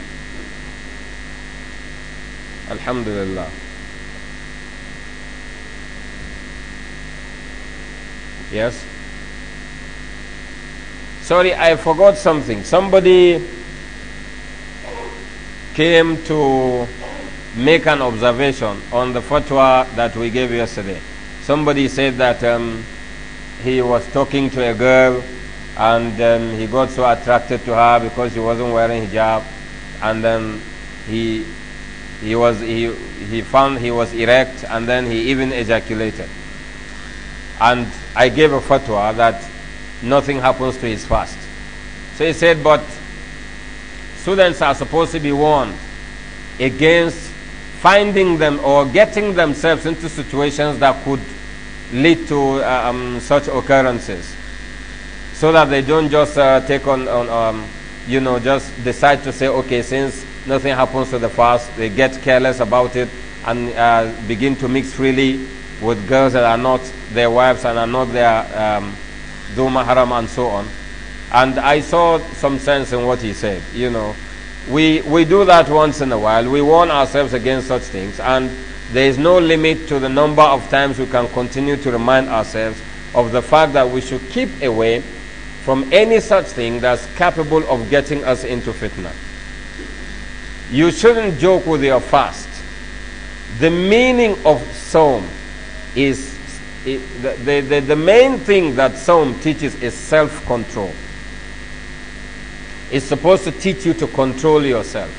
Alhamdulillah. Yes? Sorry, I forgot something. Somebody came to make an observation on the fatwa that we gave yesterday. Somebody said that um, he was talking to a girl and um, he got so attracted to her because she wasn't wearing hijab and then he he was he he found he was erect and then he even ejaculated and i gave a fatwa that nothing happens to his fast so he said but students are supposed to be warned against finding them or getting themselves into situations that could lead to uh, um, such occurrences so that they don't just uh, take on, on um, you know just decide to say okay since nothing happens to the fast they get careless about it and uh, begin to mix freely with girls that are not their wives and are not their um, dhuma haram and so on and i saw some sense in what he said you know we, we do that once in a while. We warn ourselves against such things, and there is no limit to the number of times we can continue to remind ourselves of the fact that we should keep away from any such thing that's capable of getting us into fitna. You shouldn't joke with your fast. The meaning of Psalm is it, the, the, the, the main thing that Psalm teaches is self control. It's supposed to teach you to control yourself.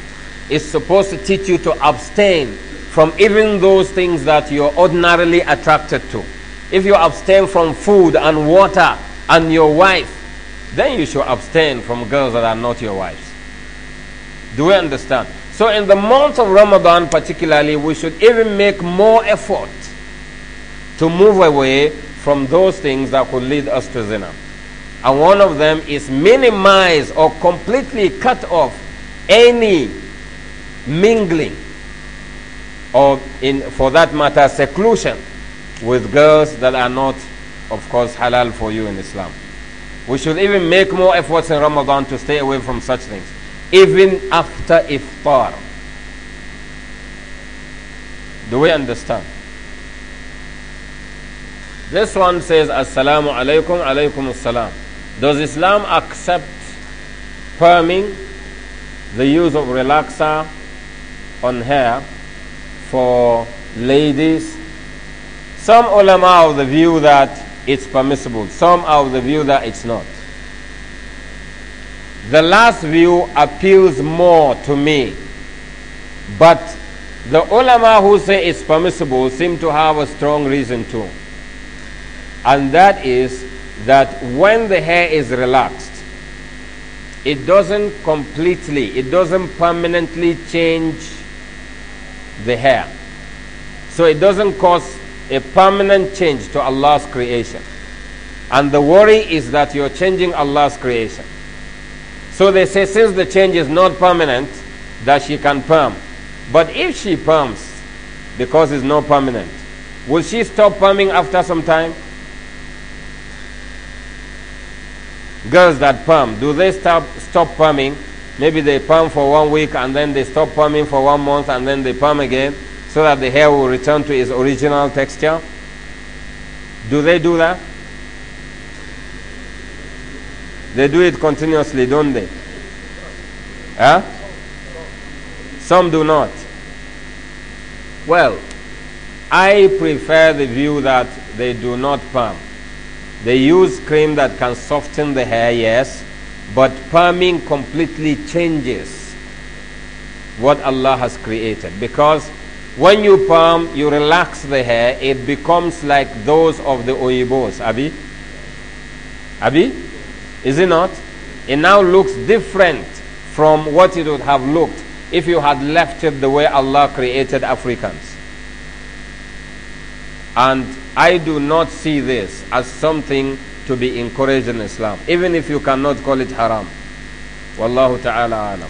It's supposed to teach you to abstain from even those things that you're ordinarily attracted to. If you abstain from food and water and your wife, then you should abstain from girls that are not your wives. Do we understand? So, in the month of Ramadan, particularly, we should even make more effort to move away from those things that could lead us to zina. And one of them is minimize or completely cut off any mingling or in for that matter seclusion with girls that are not of course halal for you in Islam. We should even make more efforts in Ramadan to stay away from such things even after iftar. Do we understand? This one says Assalamu alaikum alaikum assalam. Does Islam accept perming the use of relaxer on hair for ladies? Some ulama are of the view that it's permissible. Some are of the view that it's not. The last view appeals more to me. But the ulama who say it's permissible seem to have a strong reason too. And that is that when the hair is relaxed, it doesn't completely, it doesn't permanently change the hair. So it doesn't cause a permanent change to Allah's creation. And the worry is that you're changing Allah's creation. So they say since the change is not permanent, that she can perm. But if she perms, because it's not permanent, will she stop perming after some time? Girls that perm, do they stop, stop perming? Maybe they perm for one week and then they stop perming for one month and then they perm again so that the hair will return to its original texture? Do they do that? They do it continuously, don't they? Huh? Some do not. Well, I prefer the view that they do not perm. They use cream that can soften the hair, yes, but perming completely changes what Allah has created. Because when you perm, you relax the hair, it becomes like those of the Oibos. Abi? Abi? Is it not? It now looks different from what it would have looked if you had left it the way Allah created Africans. And I do not see this as something to be encouraged in Islam, even if you cannot call it haram. Wallahu ta'ala alam.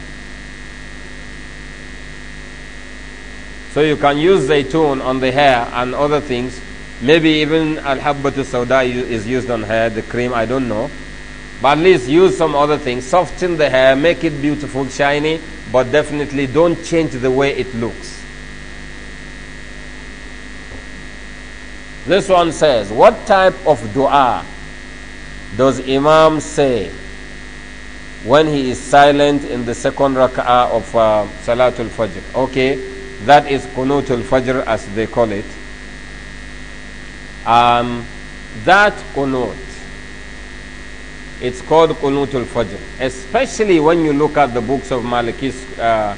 So you can use zaytun on the hair and other things. Maybe even al-habbatu sauda is used on hair, the cream, I don't know. But at least use some other things. Soften the hair, make it beautiful, shiny, but definitely don't change the way it looks. This one says, What type of dua does Imam say when he is silent in the second rak'ah of uh, Salatul Fajr? Okay, that is Qunutul Fajr as they call it. Um, that Qunut, it's called Qunutul Fajr, especially when you look at the books of Maliki's uh,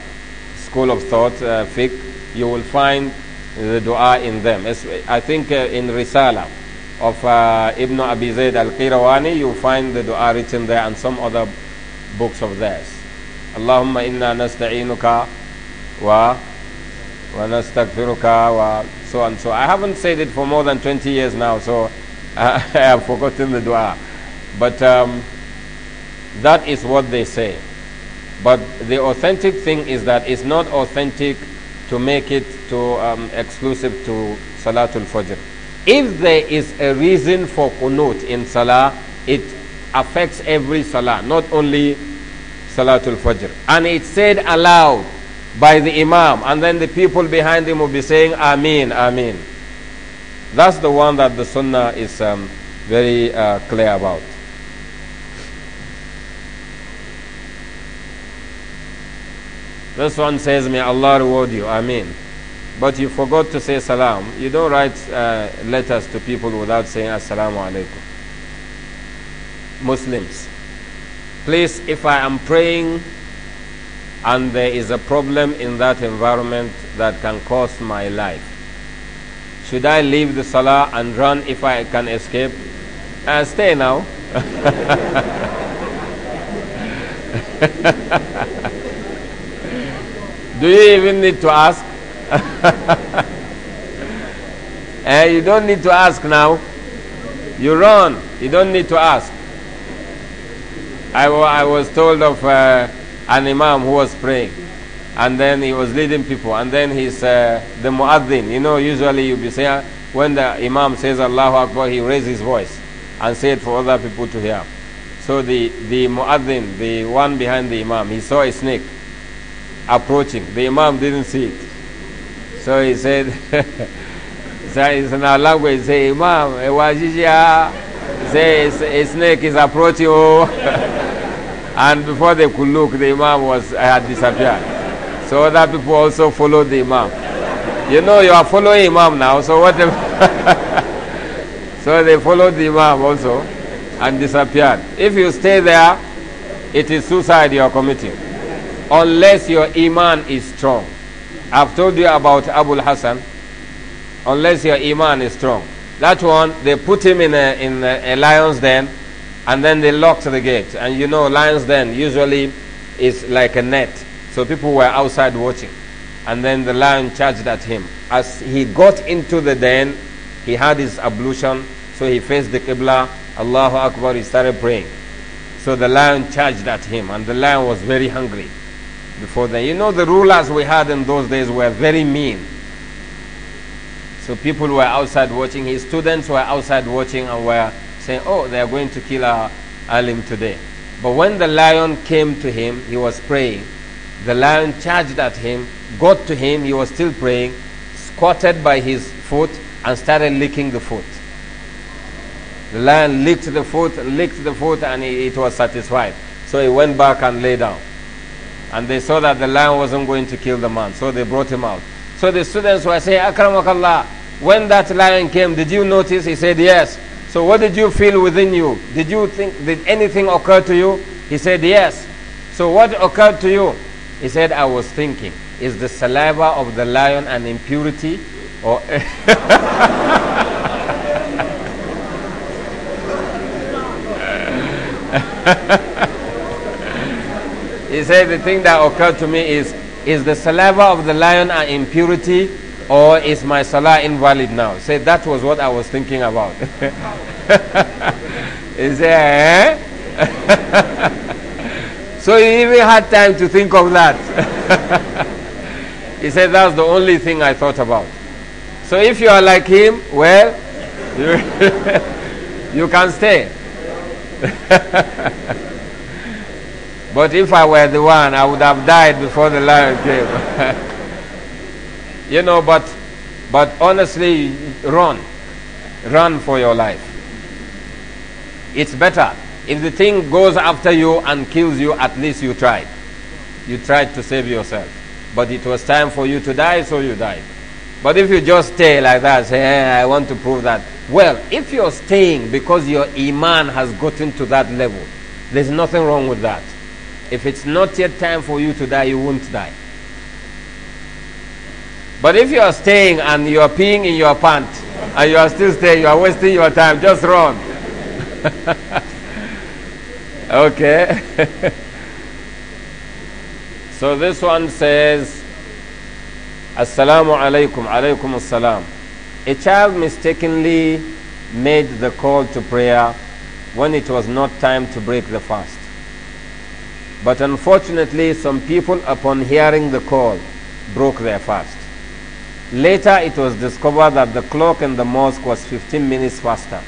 school of thought, uh, fiqh, you will find the dua in them. It's, I think uh, in Risala of uh, Ibn Abi Zayd al-Qirawani, you find the dua written there and some other books of theirs. اللهم إنا نستعينك wa ونستغفرك wa so and so. I haven't said it for more than 20 years now, so I have forgotten the dua. But um, that is what they say. But the authentic thing is that it's not authentic to make it to um, exclusive to Salatul Fajr. If there is a reason for kunut in Salah, it affects every Salah, not only Salatul Fajr. And it's said aloud by the Imam, and then the people behind him will be saying Amin, Amin. That's the one that the Sunnah is um, very uh, clear about. This one says, May Allah reward you. Amin. But you forgot to say salam. You don't write uh, letters to people without saying assalamu alaikum. Muslims, please, if I am praying and there is a problem in that environment that can cost my life, should I leave the salah and run if I can escape? Uh, stay now. Do you even need to ask? Eh, you don't need to ask now. You run. You don't need to ask. I, I was told of uh, an imam who was praying. And then he was leading people. And then he's uh, the muaddin. You know, usually you be saying, when the imam says Allahu Akbar, he raises his voice and say it for other people to hear. So the, the muaddin, the one behind the imam, he saw a snake approaching. The Imam didn't see it. So he said, so in our language, say, Imam, Ewajijia, eh, say, a snake is approaching. and before they could look, the Imam was had disappeared. So other people also followed the Imam. You know, you are following Imam now, so whatever. so they followed the Imam also and disappeared. If you stay there, it is suicide you are committing unless your iman is strong. I've told you about Abul Hassan. Unless your iman is strong. That one, they put him in a, in a, a lion's den and then they locked the gate. And you know, lion's den usually is like a net. So people were outside watching. And then the lion charged at him. As he got into the den, he had his ablution. So he faced the Qibla. Allahu Akbar, he started praying. So the lion charged at him. And the lion was very hungry before that. You know, the rulers we had in those days were very mean. So people were outside watching, his students were outside watching and were saying, Oh, they are going to kill our Alim today. But when the lion came to him, he was praying. The lion charged at him, got to him, he was still praying, squatted by his foot, and started licking the foot. The lion licked the foot, licked the foot, and it was satisfied. So he went back and lay down. And they saw that the lion wasn't going to kill the man, so they brought him out. So the students were saying, Akramakallah, when that lion came, did you notice? He said, Yes. So what did you feel within you? Did you think, did anything occur to you? He said, Yes. So what occurred to you? He said, I was thinking, is the saliva of the lion an impurity? Or. He said, The thing that occurred to me is, is the saliva of the lion an impurity or is my salah invalid now? He said, That was what I was thinking about. he said, eh? So he even had time to think of that. He said, That's the only thing I thought about. So if you are like him, well, you, you can stay. But if I were the one, I would have died before the lion came. you know, but, but honestly, run. Run for your life. It's better. If the thing goes after you and kills you, at least you tried. You tried to save yourself. But it was time for you to die, so you died. But if you just stay like that, say, hey, eh, I want to prove that. Well, if you're staying because your Iman has gotten to that level, there's nothing wrong with that. If it's not yet time for you to die, you won't die. But if you are staying and you are peeing in your pant and you are still staying, you are wasting your time, just run. okay. so this one says, Assalamu alaikum, alaikum assalam. A child mistakenly made the call to prayer when it was not time to break the fast. But unfortunately, some people, upon hearing the call, broke their fast. Later, it was discovered that the clock in the mosque was 15 minutes faster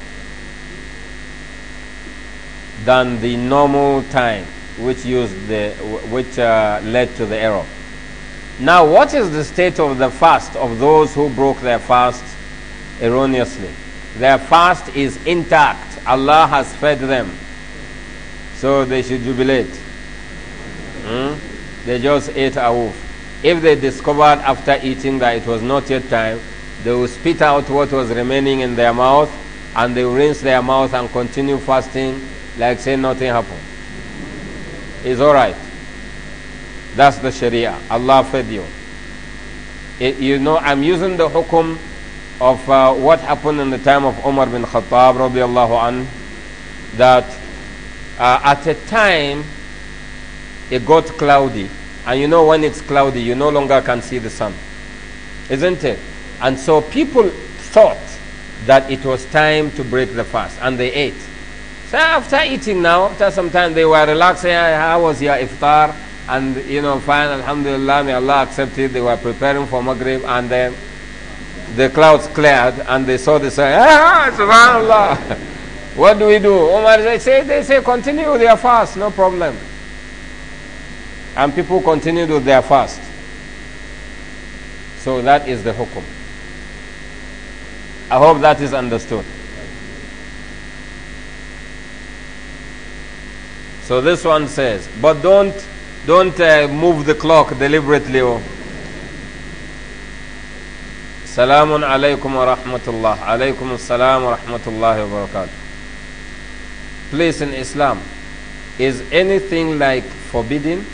than the normal time, which, used the, which uh, led to the error. Now, what is the state of the fast of those who broke their fast erroneously? Their fast is intact. Allah has fed them. So they should jubilate. Hmm? They just ate a wolf. If they discovered after eating that it was not yet time, they will spit out what was remaining in their mouth and they will rinse their mouth and continue fasting like saying nothing happened. It's alright. That's the Sharia. Allah fed you. It, you know, I'm using the hukum of uh, what happened in the time of Umar bin Khattab, radiallahu that uh, at a time it got cloudy. And you know, when it's cloudy, you no longer can see the sun. Isn't it? And so people thought that it was time to break the fast, and they ate. So after eating now, after some time, they were relaxing. How was your iftar? And you know, fine, alhamdulillah, may Allah accept it. They were preparing for Maghrib, and then the clouds cleared, and they saw the sun. Ah, subhanallah. what do we do? Omar, they say, they say, continue with your fast, no problem and people continued with their fast. So that is the hukum. I hope that is understood. So this one says, but don't don't uh, move the clock deliberately. Oh. Salamun alaykum wa rahmatullah. Alaykum assalam wa rahmatullah wa barakatuh. Place in Islam, is anything like forbidden?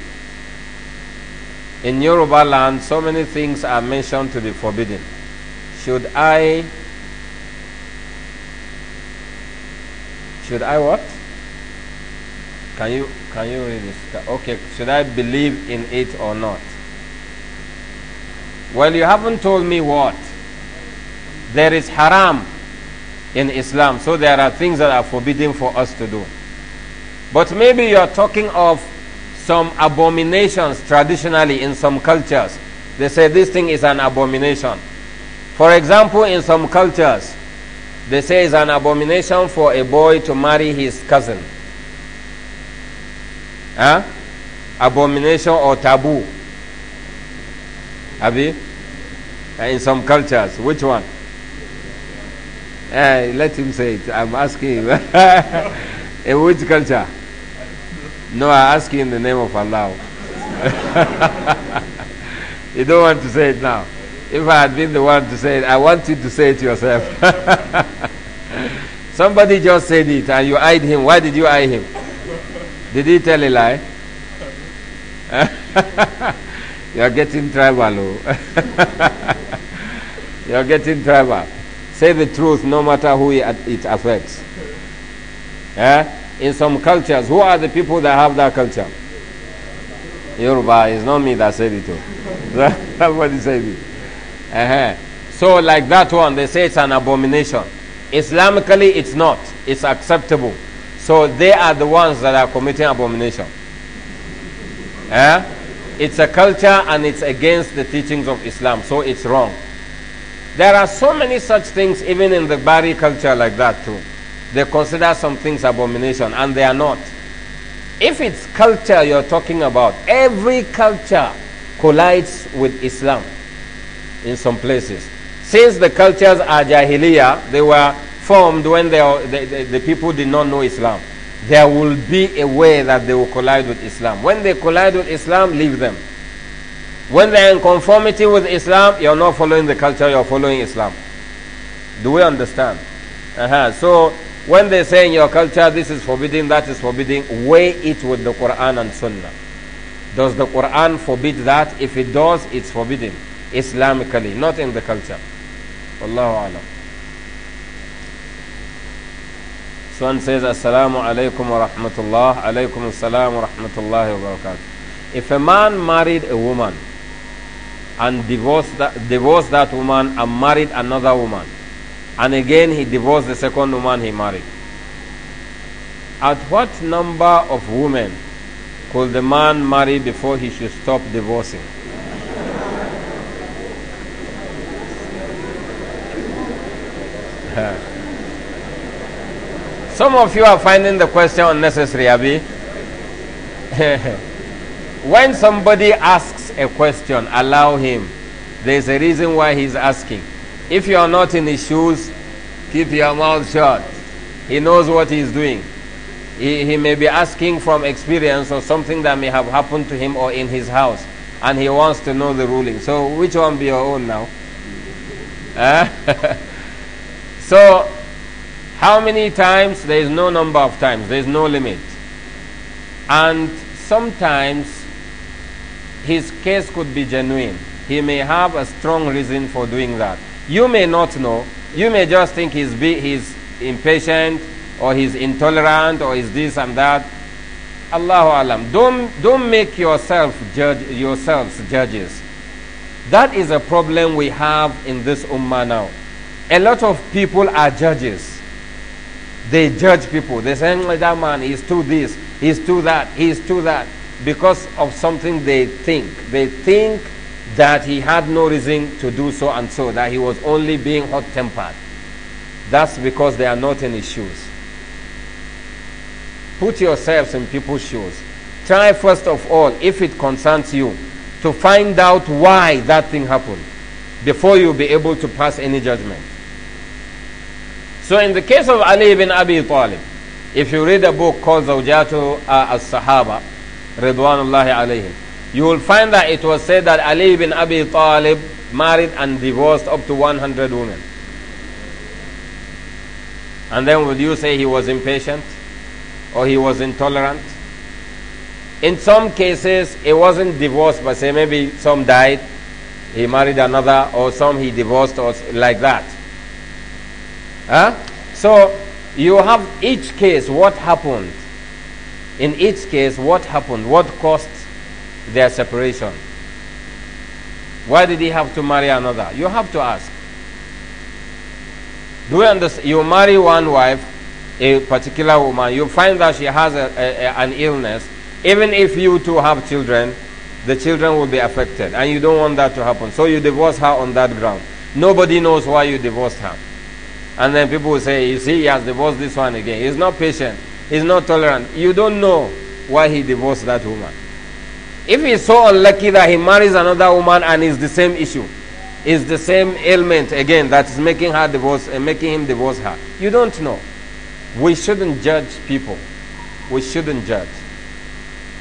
In Yoruba land, so many things are mentioned to be forbidden. Should I. Should I what? Can you can you read this? Okay, should I believe in it or not? Well, you haven't told me what. There is haram in Islam, so there are things that are forbidden for us to do. But maybe you are talking of some abominations traditionally in some cultures. They say this thing is an abomination. For example, in some cultures, they say it's an abomination for a boy to marry his cousin. Huh? Abomination or taboo. Have you? Uh, in some cultures. Which one? Uh, let him say it. I'm asking him. in which culture? No, I ask you in the name of Allah. you don't want to say it now. If I had been the one to say it, I want you to say it yourself. Somebody just said it and you eyed him. Why did you eye him? Did he tell a lie? You're getting tribal. Oh. You're getting tribal. Say the truth no matter who it affects. Yeah in some cultures. Who are the people that have that culture? Yoruba. It's not me that said it. Oh. Somebody said it. Uh-huh. So, like that one, they say it's an abomination. Islamically, it's not. It's acceptable. So, they are the ones that are committing abomination. Eh? It's a culture and it's against the teachings of Islam. So, it's wrong. There are so many such things, even in the Bari culture, like that, too they consider some things abomination and they are not. If it's culture you're talking about, every culture collides with Islam in some places. Since the cultures are jahiliya, they were formed when they the, the, the people did not know Islam. There will be a way that they will collide with Islam. When they collide with Islam, leave them. When they're in conformity with Islam, you're not following the culture, you're following Islam. Do we understand? Uh -huh. So when they say in your culture this is forbidden, that is forbidden. weigh it with the Quran and Sunnah. Does the Quran forbid that? If it does, it's forbidden Islamically, not in the culture. Allah alam. Someone says, Assalamu alaikum wa rahmatullah, Alaykum assalam wa rahmatullahi wa barakatuh. If a man married a woman and divorced that, divorced that woman and married another woman, and again, he divorced the second woman he married. At what number of women could the man marry before he should stop divorcing? Some of you are finding the question unnecessary, Abby. when somebody asks a question, allow him. There's a reason why he's asking. If you are not in his shoes, keep your mouth shut. He knows what he is doing. He, he may be asking from experience or something that may have happened to him or in his house, and he wants to know the ruling. So, which one be your own now? Eh? so, how many times? There is no number of times, there is no limit. And sometimes his case could be genuine. He may have a strong reason for doing that. You may not know. You may just think he's, be, he's impatient or he's intolerant or he's this and that. Allahu alam. Don't, don't make yourself judge, yourselves judges. That is a problem we have in this ummah now. A lot of people are judges. They judge people. They say, mm, that man is too this, he's too that, he's too that, because of something they think. They think that he had no reason to do so and so, that he was only being hot tempered. That's because they are not in his shoes. Put yourselves in people's shoes. Try, first of all, if it concerns you, to find out why that thing happened before you be able to pass any judgment. So, in the case of Ali ibn Abi Talib, if you read a book called Zawjatu uh, as Sahaba, Ridwanullahi alayhim, you will find that it was said that Ali ibn Abi Talib married and divorced up to 100 women. And then would you say he was impatient or he was intolerant? In some cases, he wasn't divorced, but say maybe some died, he married another, or some he divorced, or like that. Huh? So you have each case what happened. In each case, what happened, what caused their separation. Why did he have to marry another? You have to ask. Do you understand? You marry one wife, a particular woman, you find that she has a, a, an illness. Even if you two have children, the children will be affected, and you don't want that to happen. So you divorce her on that ground. Nobody knows why you divorced her. And then people will say, You see, he has divorced this one again. He's not patient, he's not tolerant. You don't know why he divorced that woman. If he's so unlucky that he marries another woman and it's the same issue, it's the same ailment again that is making her divorce and uh, making him divorce her. You don't know. We shouldn't judge people. We shouldn't judge.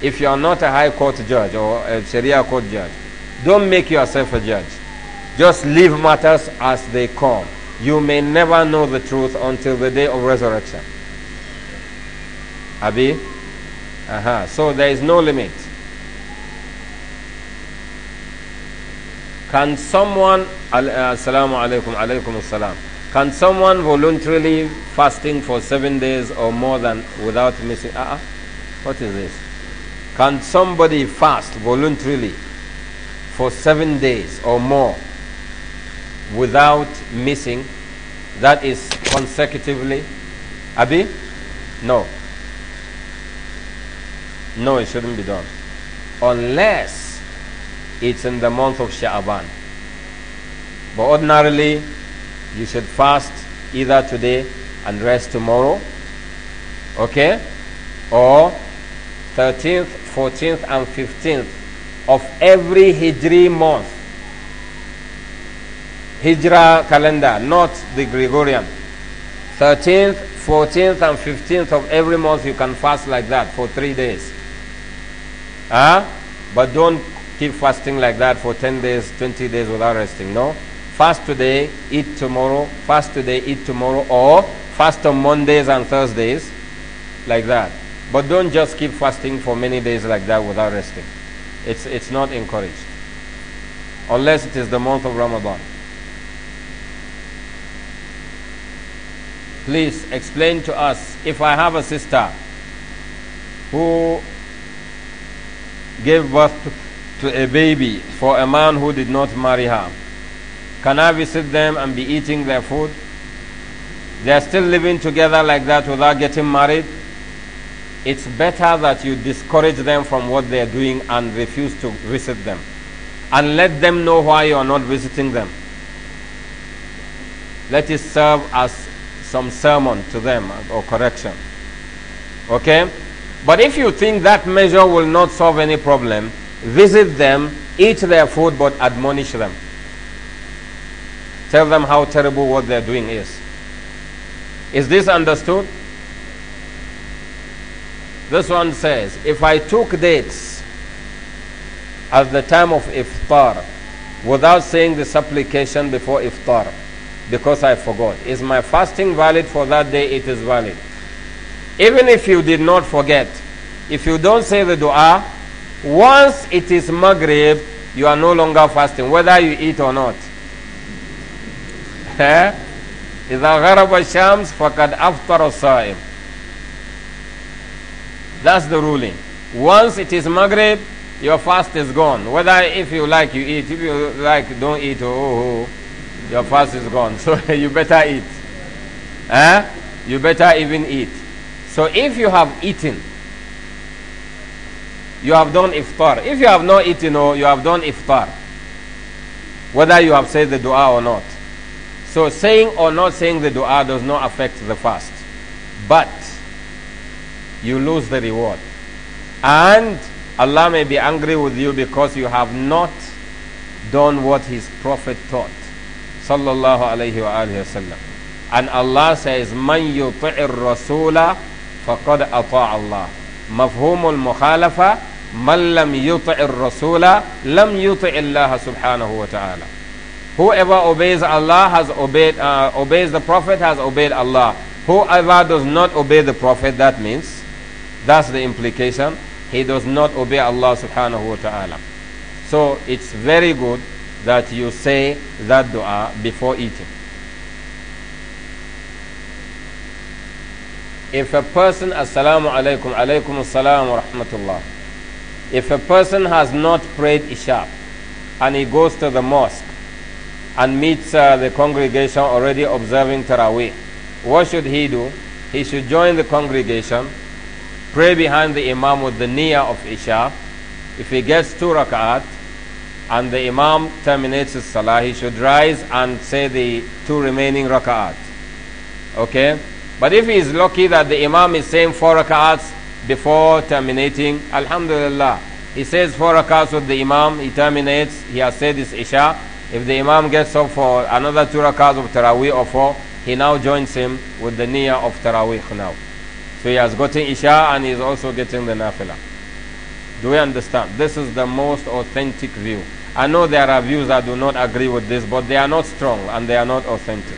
If you are not a high court judge or a Sharia court judge, don't make yourself a judge. Just leave matters as they come. You may never know the truth until the day of resurrection. Abi? Uh-huh. So there is no limit. Can someone, uh, assalamu alaikum, alaikum assalam, can someone voluntarily fasting for seven days or more than without missing? Ah, uh -uh. what is this? Can somebody fast voluntarily for seven days or more without missing? That is consecutively. Abi? No. No, it shouldn't be done. Unless it's in the month of Sha'aban. But ordinarily, you should fast either today and rest tomorrow, okay? Or 13th, 14th, and 15th of every Hijri month. Hijra calendar, not the Gregorian. 13th, 14th, and 15th of every month, you can fast like that for three days. Huh? Ah? But don't keep fasting like that for 10 days, 20 days without resting. No. Fast today, eat tomorrow, fast today, eat tomorrow, or fast on Mondays and Thursdays, like that. But don't just keep fasting for many days like that without resting. It's, it's not encouraged. Unless it is the month of Ramadan. Please explain to us if I have a sister who gave birth to to a baby for a man who did not marry her? Can I visit them and be eating their food? They are still living together like that without getting married. It's better that you discourage them from what they are doing and refuse to visit them. And let them know why you are not visiting them. Let it serve as some sermon to them or correction. Okay? But if you think that measure will not solve any problem, Visit them, eat their food, but admonish them. Tell them how terrible what they're doing is. Is this understood? This one says, if I took dates at the time of iftar without saying the supplication before iftar because I forgot, is my fasting valid for that day? It is valid. Even if you did not forget, if you don't say the dua, once it is Maghrib, you are no longer fasting, whether you eat or not. Eh? That's the ruling. Once it is Maghrib, your fast is gone. Whether if you like, you eat. If you like, don't eat. Oh, oh, oh. your fast is gone. So you better eat. Eh? You better even eat. So if you have eaten, you have done iftar. If you have not eaten, or oh, you have done iftar, whether you have said the dua or not. So saying or not saying the dua does not affect the fast, but you lose the reward, and Allah may be angry with you because you have not done what His Prophet taught, sallallahu alaihi wasallam. And Allah says, "Man yuti'ir rasula faqad ata Allah." مفهوم المخالفة Mallam yuta'ir rasula لم يطع الله سبحانه وتعالى. Whoever obeys Allah has obeyed, uh, obeys the Prophet has obeyed Allah. Whoever does not obey the Prophet, that means, that's the implication, he does not obey Allah subhanahu wa ta'ala. So it's very good that you say that dua before eating. If a person, assalamu alaykum as assalam wa rahmatullah if a person has not prayed Isha and he goes to the mosque and meets uh, the congregation already observing Taraweeh, what should he do? He should join the congregation, pray behind the Imam with the niyyah of Isha. If he gets two rak'at and the Imam terminates his salah, he should rise and say the two remaining rak'at. Okay? But if he is lucky that the Imam is saying four rak'ats, before terminating. Alhamdulillah. He says four rakats with the Imam, he terminates, he has said his Isha. If the Imam gets up for another two rakats of Taraweeh or four, he now joins him with the Nia of Taraweeh now. So he has gotten Isha and he is also getting the Nafilah. Do we understand? This is the most authentic view. I know there are views that do not agree with this, but they are not strong and they are not authentic.